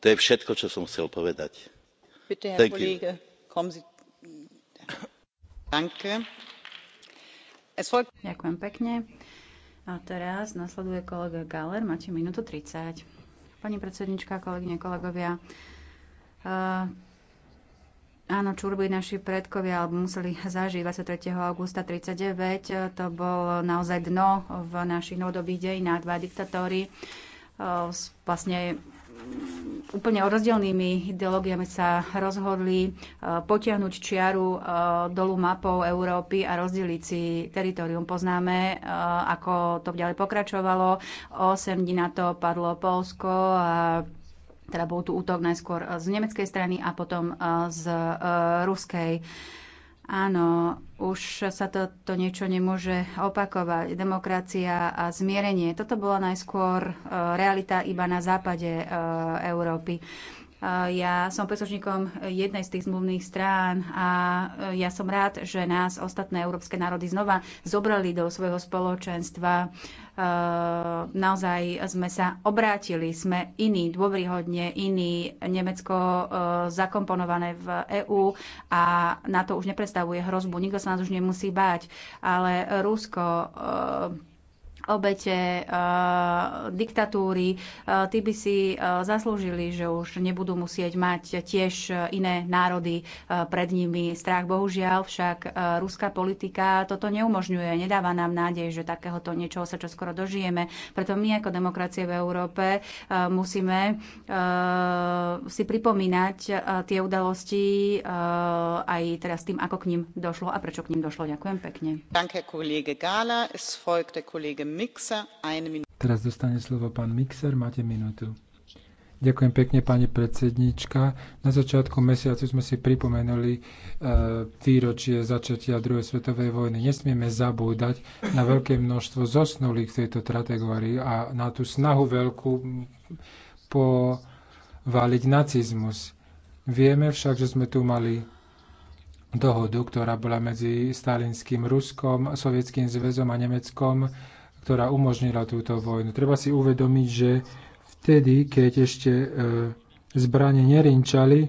to je všetko čo som chcel povedať. ďakujem pekne. A teraz nasleduje kolega Galer, máte 30. Pani kolegovia, e, áno, čurby naši predkovia alebo museli zažiť 23. augusta 39. E, to bol naozaj dno v našich novodobých dejinách, dva diktatóri. E, vlastne úplne rozdielnými ideológiami sa rozhodli e, potiahnuť čiaru e, dolu mapou Európy a rozdeliť si teritorium. Poznáme, e, ako to ďalej pokračovalo. O 8 dní na to padlo Polsko a teda bol tu útok najskôr z nemeckej strany a potom z ruskej. Áno, už sa toto niečo nemôže opakovať. Demokracia a zmierenie. Toto bola najskôr e, realita iba na západe e, Európy. Ja som príslušníkom jednej z tých zmluvných strán a e, ja som rád, že nás ostatné európske národy znova zobrali do svojho spoločenstva. E, naozaj sme sa obrátili, sme iní, dôvryhodne iní. Nemecko e, zakomponované v EÚ a na to už nepredstavuje hrozbu. Nikto sa nás už nemusí báť. Ale Rusko obete eh, diktatúry, eh, tí by si eh, zaslúžili, že už nebudú musieť mať tiež iné národy pred nimi strach. Bohužiaľ však ruská politika toto neumožňuje, nedáva nám nádej, že takéhoto niečoho sa čoskoro dožijeme. Preto my ako demokracie v Európe musíme si pripomínať tie udalosti aj teraz tým, ako k ním došlo a prečo k ním došlo. Ďakujem pekne. Danke, kolege Gala. Es folgte, kolege Teraz dostane slovo pán Mixer, máte minútu. Ďakujem pekne, pani predsednička. Na začiatku mesiacu sme si pripomenuli e, výročie začatia druhej svetovej vojny. Nesmieme zabúdať na veľké množstvo zosnulých v tejto kategórii a na tú snahu veľkú povaliť nacizmus. Vieme však, že sme tu mali dohodu, ktorá bola medzi stalinským Ruskom, Sovietským zväzom a Nemeckom, ktorá umožnila túto vojnu. Treba si uvedomiť, že vtedy, keď ešte e, zbranie nerinčali, e,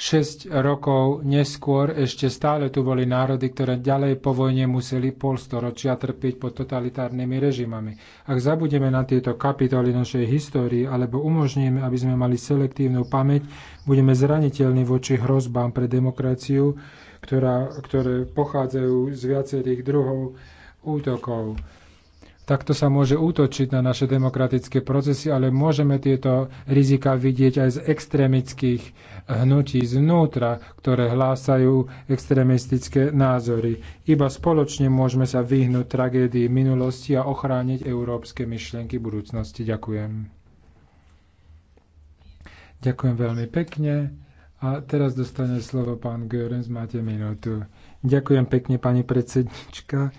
6 rokov neskôr ešte stále tu boli národy, ktoré ďalej po vojne museli polstoročia trpieť pod totalitárnymi režimami. Ak zabudeme na tieto kapitoly našej histórii alebo umožníme, aby sme mali selektívnu pamäť, budeme zraniteľní voči hrozbám pre demokraciu, ktorá, ktoré pochádzajú z viacerých druhov útokov. Takto sa môže útočiť na naše demokratické procesy, ale môžeme tieto rizika vidieť aj z extrémických hnutí znútra, ktoré hlásajú extrémistické názory. Iba spoločne môžeme sa vyhnúť tragédii minulosti a ochrániť európske myšlienky budúcnosti. Ďakujem. Ďakujem veľmi pekne. A teraz dostane slovo pán Görens, máte minútu. Ďakujem pekne, pani predsednička.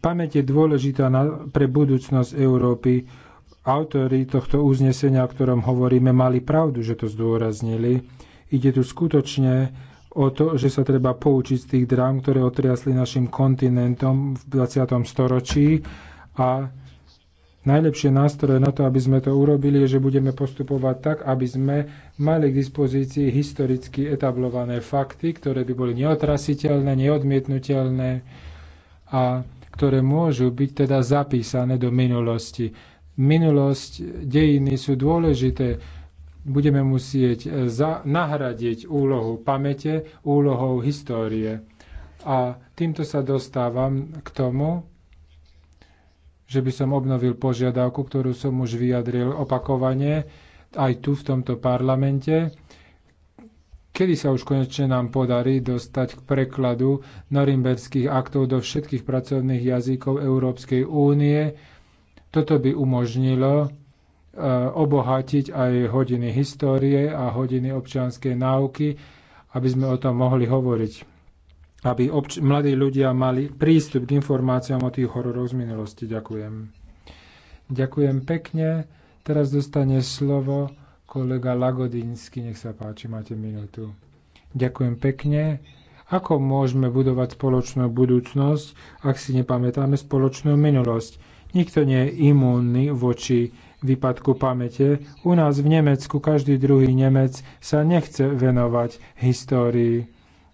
Pamäť je dôležitá na, pre budúcnosť Európy. Autori tohto uznesenia, o ktorom hovoríme, mali pravdu, že to zdôraznili. Ide tu skutočne o to, že sa treba poučiť z tých drám, ktoré otriasli našim kontinentom v 20. storočí a Najlepšie nástroje na to, aby sme to urobili, je, že budeme postupovať tak, aby sme mali k dispozícii historicky etablované fakty, ktoré by boli neotrasiteľné, neodmietnutelné, a ktoré môžu byť teda zapísané do minulosti. Minulosť, dejiny sú dôležité. Budeme musieť e, za- nahradiť úlohu pamäte úlohou histórie. A týmto sa dostávam k tomu, že by som obnovil požiadavku, ktorú som už vyjadril opakovane aj tu v tomto parlamente Kedy sa už konečne nám podarí dostať k prekladu norimberských aktov do všetkých pracovných jazykov Európskej únie? Toto by umožnilo e, obohatiť aj hodiny histórie a hodiny občianskej náuky, aby sme o tom mohli hovoriť. Aby obč- mladí ľudia mali prístup k informáciám o tých hororoch z minulosti. Ďakujem. Ďakujem pekne. Teraz dostane slovo Kolega Lagodinsky, nech sa páči, máte minútu. Ďakujem pekne. Ako môžeme budovať spoločnú budúcnosť, ak si nepamätáme spoločnú minulosť? Nikto nie je imúnny voči výpadku pamäte. U nás v Nemecku každý druhý Nemec sa nechce venovať histórii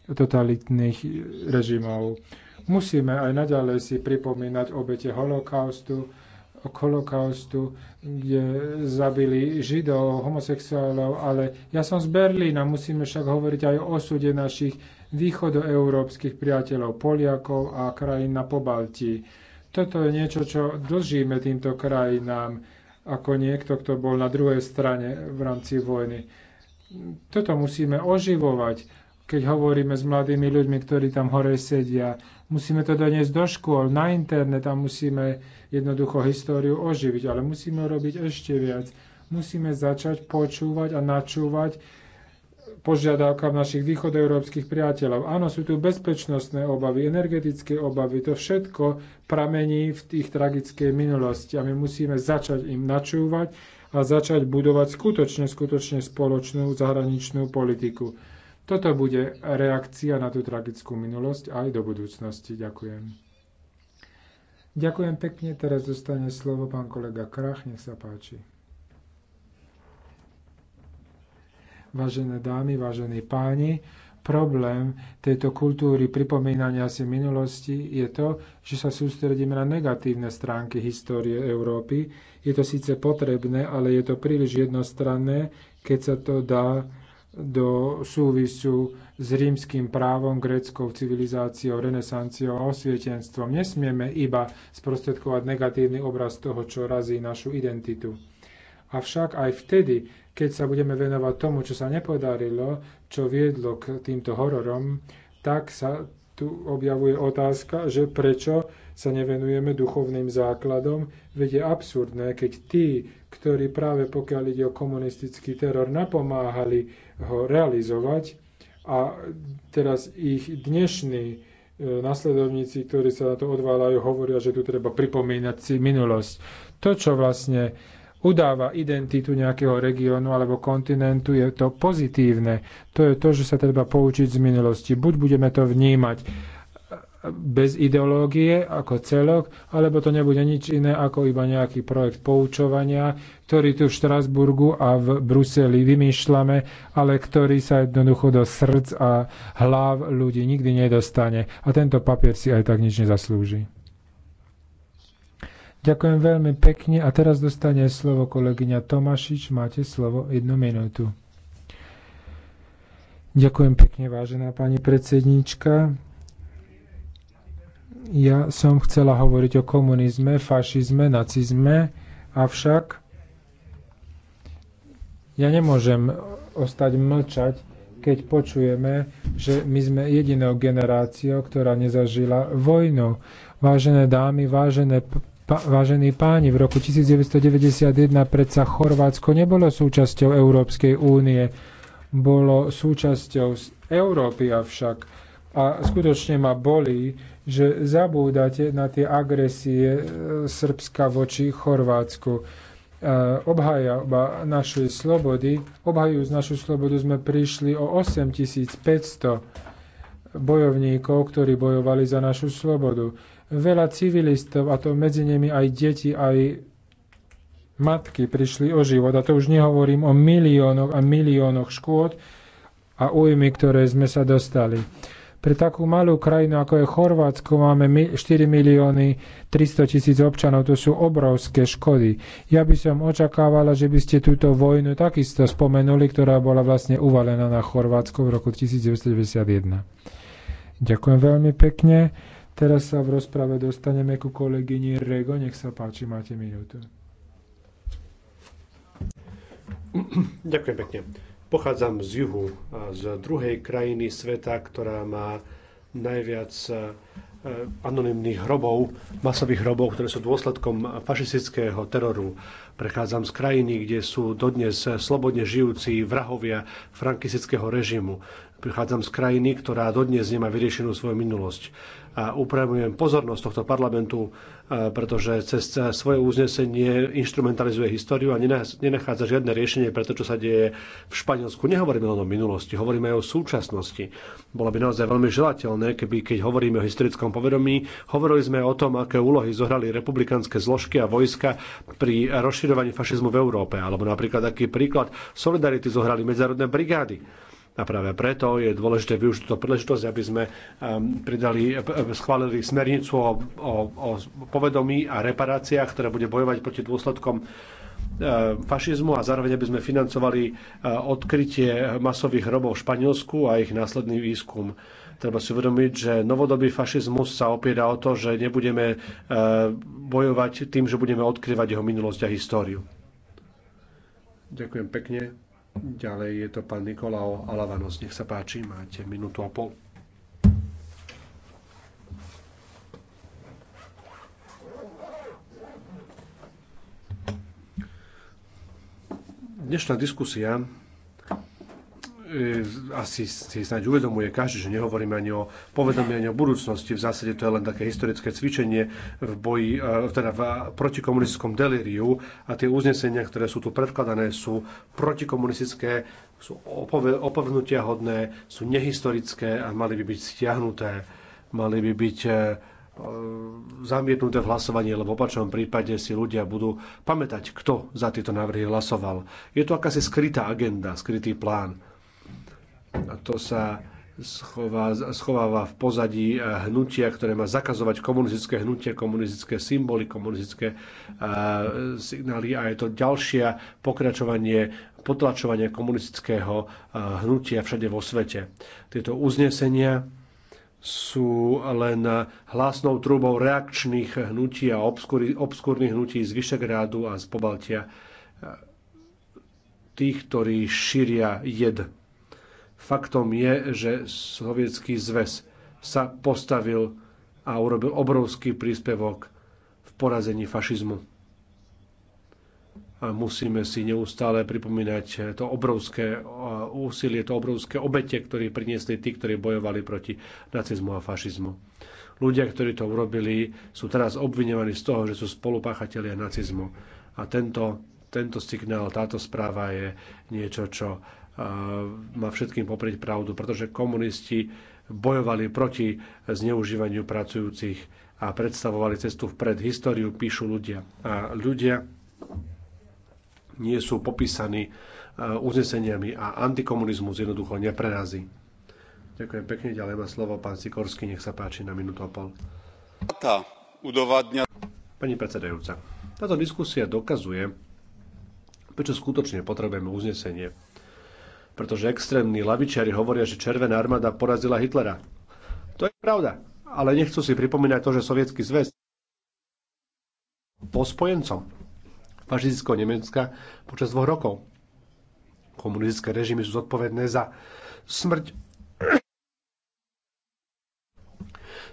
totalitných režimov. Musíme aj naďalej si pripomínať obete holokaustu, holokaustu, kde zabili židov, homosexuálov, ale ja som z Berlína, musíme však hovoriť aj o osude našich východoeurópskych priateľov, Poliakov a krajín na Pobalti. Toto je niečo, čo dlžíme týmto krajinám ako niekto, kto bol na druhej strane v rámci vojny. Toto musíme oživovať keď hovoríme s mladými ľuďmi, ktorí tam hore sedia. Musíme to doniesť do škôl, na internet a musíme jednoducho históriu oživiť, ale musíme robiť ešte viac. Musíme začať počúvať a načúvať požiadavkám našich východoeurópskych priateľov. Áno, sú tu bezpečnostné obavy, energetické obavy, to všetko pramení v tých tragickej minulosti a my musíme začať im načúvať a začať budovať skutočne, skutočne spoločnú zahraničnú politiku. Toto bude reakcia na tú tragickú minulosť aj do budúcnosti. Ďakujem. Ďakujem pekne. Teraz zostane slovo pán kolega Krach. Nech sa páči. Vážené dámy, vážení páni, problém tejto kultúry pripomínania si minulosti je to, že sa sústredíme na negatívne stránky histórie Európy. Je to síce potrebné, ale je to príliš jednostranné, keď sa to dá do súvisu s rímským právom, gréckou civilizáciou, renesanciou a osvietenstvom. Nesmieme iba sprostredkovať negatívny obraz toho, čo razí našu identitu. Avšak aj vtedy, keď sa budeme venovať tomu, čo sa nepodarilo, čo viedlo k týmto hororom, tak sa tu objavuje otázka, že prečo sa nevenujeme duchovným základom, veď je absurdné, keď tí, ktorí práve pokiaľ ide o komunistický teror napomáhali ho realizovať. A teraz ich dnešní e, nasledovníci, ktorí sa na to odváľajú, hovoria, že tu treba pripomínať si minulosť. To, čo vlastne udáva identitu nejakého regiónu alebo kontinentu, je to pozitívne. To je to, že sa treba poučiť z minulosti. Buď budeme to vnímať bez ideológie ako celok, alebo to nebude nič iné ako iba nejaký projekt poučovania, ktorý tu v Štrasburgu a v Bruseli vymýšľame, ale ktorý sa jednoducho do srdc a hlav ľudí nikdy nedostane. A tento papier si aj tak nič nezaslúži. Ďakujem veľmi pekne a teraz dostane slovo kolegyňa Tomašič. Máte slovo jednu minútu. Ďakujem pekne, vážená pani predsednička. Ja som chcela hovoriť o komunizme, fašizme, nacizme, avšak ja nemôžem ostať mlčať, keď počujeme, že my sme jedinou generáciou, ktorá nezažila vojnu. Vážené dámy, vážené Pa, vážení páni, v roku 1991 predsa Chorvátsko nebolo súčasťou Európskej únie, bolo súčasťou Európy avšak a skutočne ma bolí, že zabúdate na tie agresie e, Srbska voči Chorvátsku e, obhajaba našej slobody, obhajujúc našu slobodu sme prišli o 8500 bojovníkov, ktorí bojovali za našu slobodu. Veľa civilistov, a to medzi nimi aj deti, aj matky prišli o život. A to už nehovorím o miliónoch a miliónoch škôd a újmy, ktoré sme sa dostali. Pre takú malú krajinu ako je Chorvátsko máme 4 milióny 300 tisíc občanov, to sú obrovské škody. Ja by som očakávala, že by ste túto vojnu takisto spomenuli, ktorá bola vlastne uvalená na Chorvátsko v roku 1991. Ďakujem veľmi pekne. Teraz sa v rozprave dostaneme ku kolegyni Rego. Nech sa páči, máte minútu. Ďakujem pekne. Pochádzam z juhu, z druhej krajiny sveta, ktorá má najviac e, anonimných hrobov, masových hrobov, ktoré sú dôsledkom fašistického teroru. Prechádzam z krajiny, kde sú dodnes slobodne žijúci vrahovia frankistického režimu. Prichádzam z krajiny, ktorá dodnes nemá vyriešenú svoju minulosť. A upravujem pozornosť tohto parlamentu, e, pretože cez e, svoje uznesenie instrumentalizuje históriu a nenachádza žiadne riešenie pre to, čo sa deje v Španielsku. Nehovoríme len o minulosti, hovoríme aj o súčasnosti. Bolo by naozaj veľmi želateľné, keby keď hovoríme o historickom povedomí, hovorili sme o tom, aké úlohy zohrali republikánske zložky a vojska pri rozširovaní fašizmu v Európe, alebo napríklad aký príklad solidarity zohrali medzárodné brigády a práve preto je dôležité využiť túto príležitosť, aby sme ehm, pridali, e, e, schválili smernicu o, o, o povedomí a reparáciách, ktoré bude bojovať proti dôsledkom e, fašizmu a zároveň aby sme financovali odkrytie masových hrobov v Španielsku a ich následný výskum. Treba si uvedomiť, že novodobý fašizmus sa opiera o to, že nebudeme bojovať tým, že budeme odkrývať jeho minulosť a históriu. Ďakujem pekne. Ďalej je to pán Nikolao Alavanos. Nech sa páči, máte minútu a pol. Dnešná diskusia E, asi si snáď uvedomuje každý, že nehovoríme ani o povedomí, ani o budúcnosti. V zásade to je len také historické cvičenie v boji, e, teda v protikomunistickom delíriu a tie uznesenia, ktoré sú tu predkladané, sú protikomunistické, sú opovrhnutia hodné, sú nehistorické a mali by byť stiahnuté, mali by byť e, zamietnuté v hlasovaní, lebo v opačnom prípade si ľudia budú pamätať, kto za tieto návrhy hlasoval. Je to akási skrytá agenda, skrytý plán to sa schováva v pozadí eh, hnutia, ktoré má zakazovať komunistické hnutie, komunistické symboly, komunistické eh, signály a je to ďalšie pokračovanie potlačovania komunistického eh, hnutia všade vo svete. Tieto uznesenia sú len hlasnou trubou reakčných hnutí a obskúrnych hnutí z Vyšegrádu a z Pobaltia, tých, ktorí šíria jed Faktom je, že Sovietský zväz sa postavil a urobil obrovský príspevok v porazení fašizmu. A musíme si neustále pripomínať to obrovské úsilie, to obrovské obete, ktoré priniesli tí, ktorí bojovali proti nacizmu a fašizmu. Ľudia, ktorí to urobili, sú teraz obviňovaní z toho, že sú spolupáchatelia nacizmu. A tento, tento signál, táto správa je niečo, čo má všetkým poprieť pravdu, pretože komunisti bojovali proti zneužívaniu pracujúcich a predstavovali cestu vpred. Históriu píšu ľudia. A ľudia nie sú popísaní e, uzneseniami a antikomunizmus jednoducho neprerazí. Ďakujem pekne, ďalej má slovo pán Sikorský, nech sa páči na minútu a pol. Pani predsedajúca, táto diskusia dokazuje, prečo skutočne potrebujeme uznesenie pretože extrémni lavičiari hovoria, že Červená armáda porazila Hitlera. To je pravda, ale nechcú si pripomínať to, že Sovietský zväz po spojencom fašistického Nemecka počas dvoch rokov. Komunistické režimy sú zodpovedné za smrť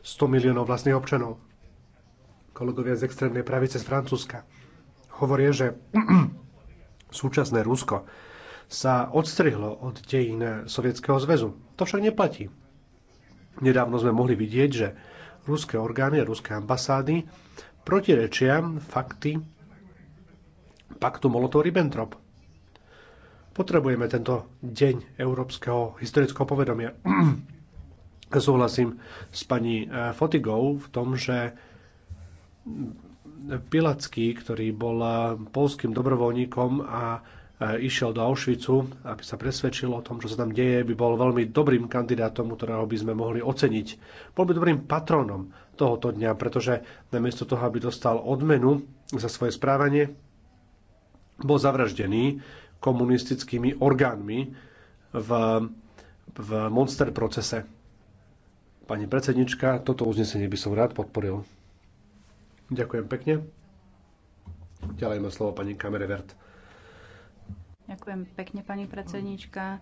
100 miliónov vlastných občanov. Kolegovia z extrémnej pravice z Francúzska hovoria, že <clears throat> súčasné Rusko sa odstrihlo od dejín Sovietskeho zväzu. To však neplatí. Nedávno sme mohli vidieť, že ruské orgány a ruské ambasády protirečia fakty paktu Molotov-Ribbentrop. Potrebujeme tento deň európskeho historického povedomia. <clears throat> Súhlasím s pani eh, Fotigou v tom, že Pilacký, ktorý bol eh, polským dobrovoľníkom a E, išiel do Auschwitzu, aby sa presvedčil o tom, čo sa tam deje, by bol veľmi dobrým kandidátom, ktorého by sme mohli oceniť. Bol by dobrým patronom tohoto dňa, pretože namiesto toho, aby dostal odmenu za svoje správanie, bol zavraždený komunistickými orgánmi v, v monster procese. Pani predsednička, toto uznesenie by som rád podporil. Ďakujem pekne. Ďalej má slovo pani Kamerevert. Ďakujem pekne, pani predsednička.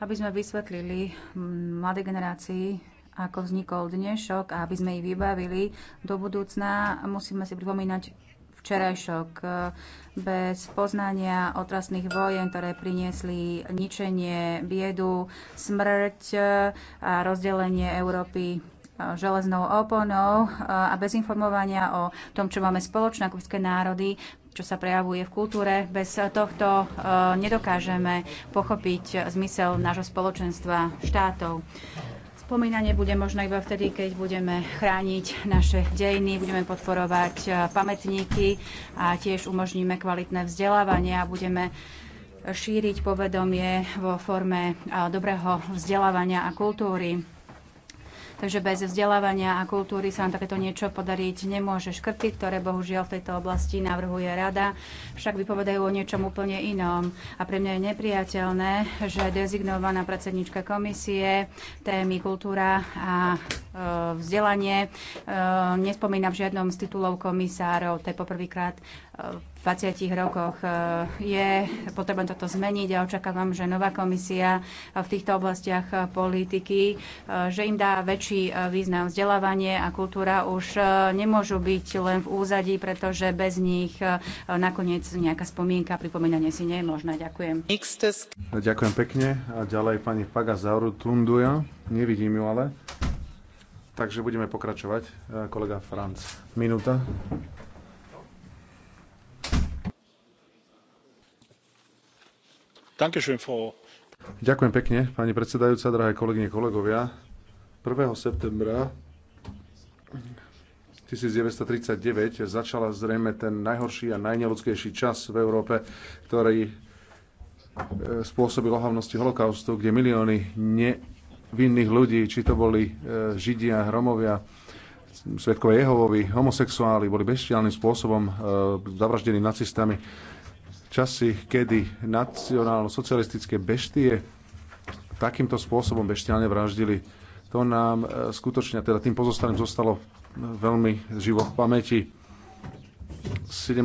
Aby sme vysvetlili mladej generácii, ako vznikol dnešok a aby sme ich vybavili do budúcna, musíme si pripomínať včerajšok. Bez poznania otrasných vojen, ktoré priniesli ničenie, biedu, smrť a rozdelenie Európy železnou oponou a bez informovania o tom, čo máme spoločné ako národy, čo sa prejavuje v kultúre. Bez tohto e, nedokážeme pochopiť zmysel nášho spoločenstva štátov. Spomínanie bude možné iba vtedy, keď budeme chrániť naše dejiny, budeme podporovať e, pamätníky a tiež umožníme kvalitné vzdelávanie a budeme šíriť povedomie vo forme e, dobrého vzdelávania a kultúry. Takže bez vzdelávania a kultúry sa nám takéto niečo podariť nemôže. Škrty, ktoré bohužiaľ v tejto oblasti navrhuje rada, však vypovedajú o niečom úplne inom. A pre mňa je nepriateľné, že dezignovaná predsednička komisie témy kultúra a e, vzdelanie e, nespomína v žiadnom z titulov komisárov. To je poprvýkrát e, 20 rokoch. E, je potrebné toto zmeniť a očakávam, že nová komisia v týchto oblastiach politiky, e, že im dá väčší e, význam vzdelávanie a kultúra už nemôžu byť len v úzadí, pretože bez nich nakoniec nejaká spomienka, pripomínanie si nie je možné. Ďakujem. No, ďakujem pekne. A ďalej pani Pagazauru Tunduja. Nevidím ju ale. Takže budeme pokračovať. Kolega Franc. Minúta. Ďakujem pekne, pani predsedajúca, drahé kolegyne, kolegovia. 1. septembra 1939 začala zrejme ten najhorší a najneludskejší čas v Európe, ktorý e, spôsobil ohavnosti holokaustu, kde milióny nevinných ľudí, či to boli e, Židia, Romovia, svetkové Jehovovi, homosexuáli, boli bestiálnym spôsobom e, zavraždení nacistami Časy, kedy nacionálno-socialistické beštie takýmto spôsobom beštiane vraždili, to nám e, skutočne, teda tým pozostalým zostalo e, veľmi živo v pamäti. 17.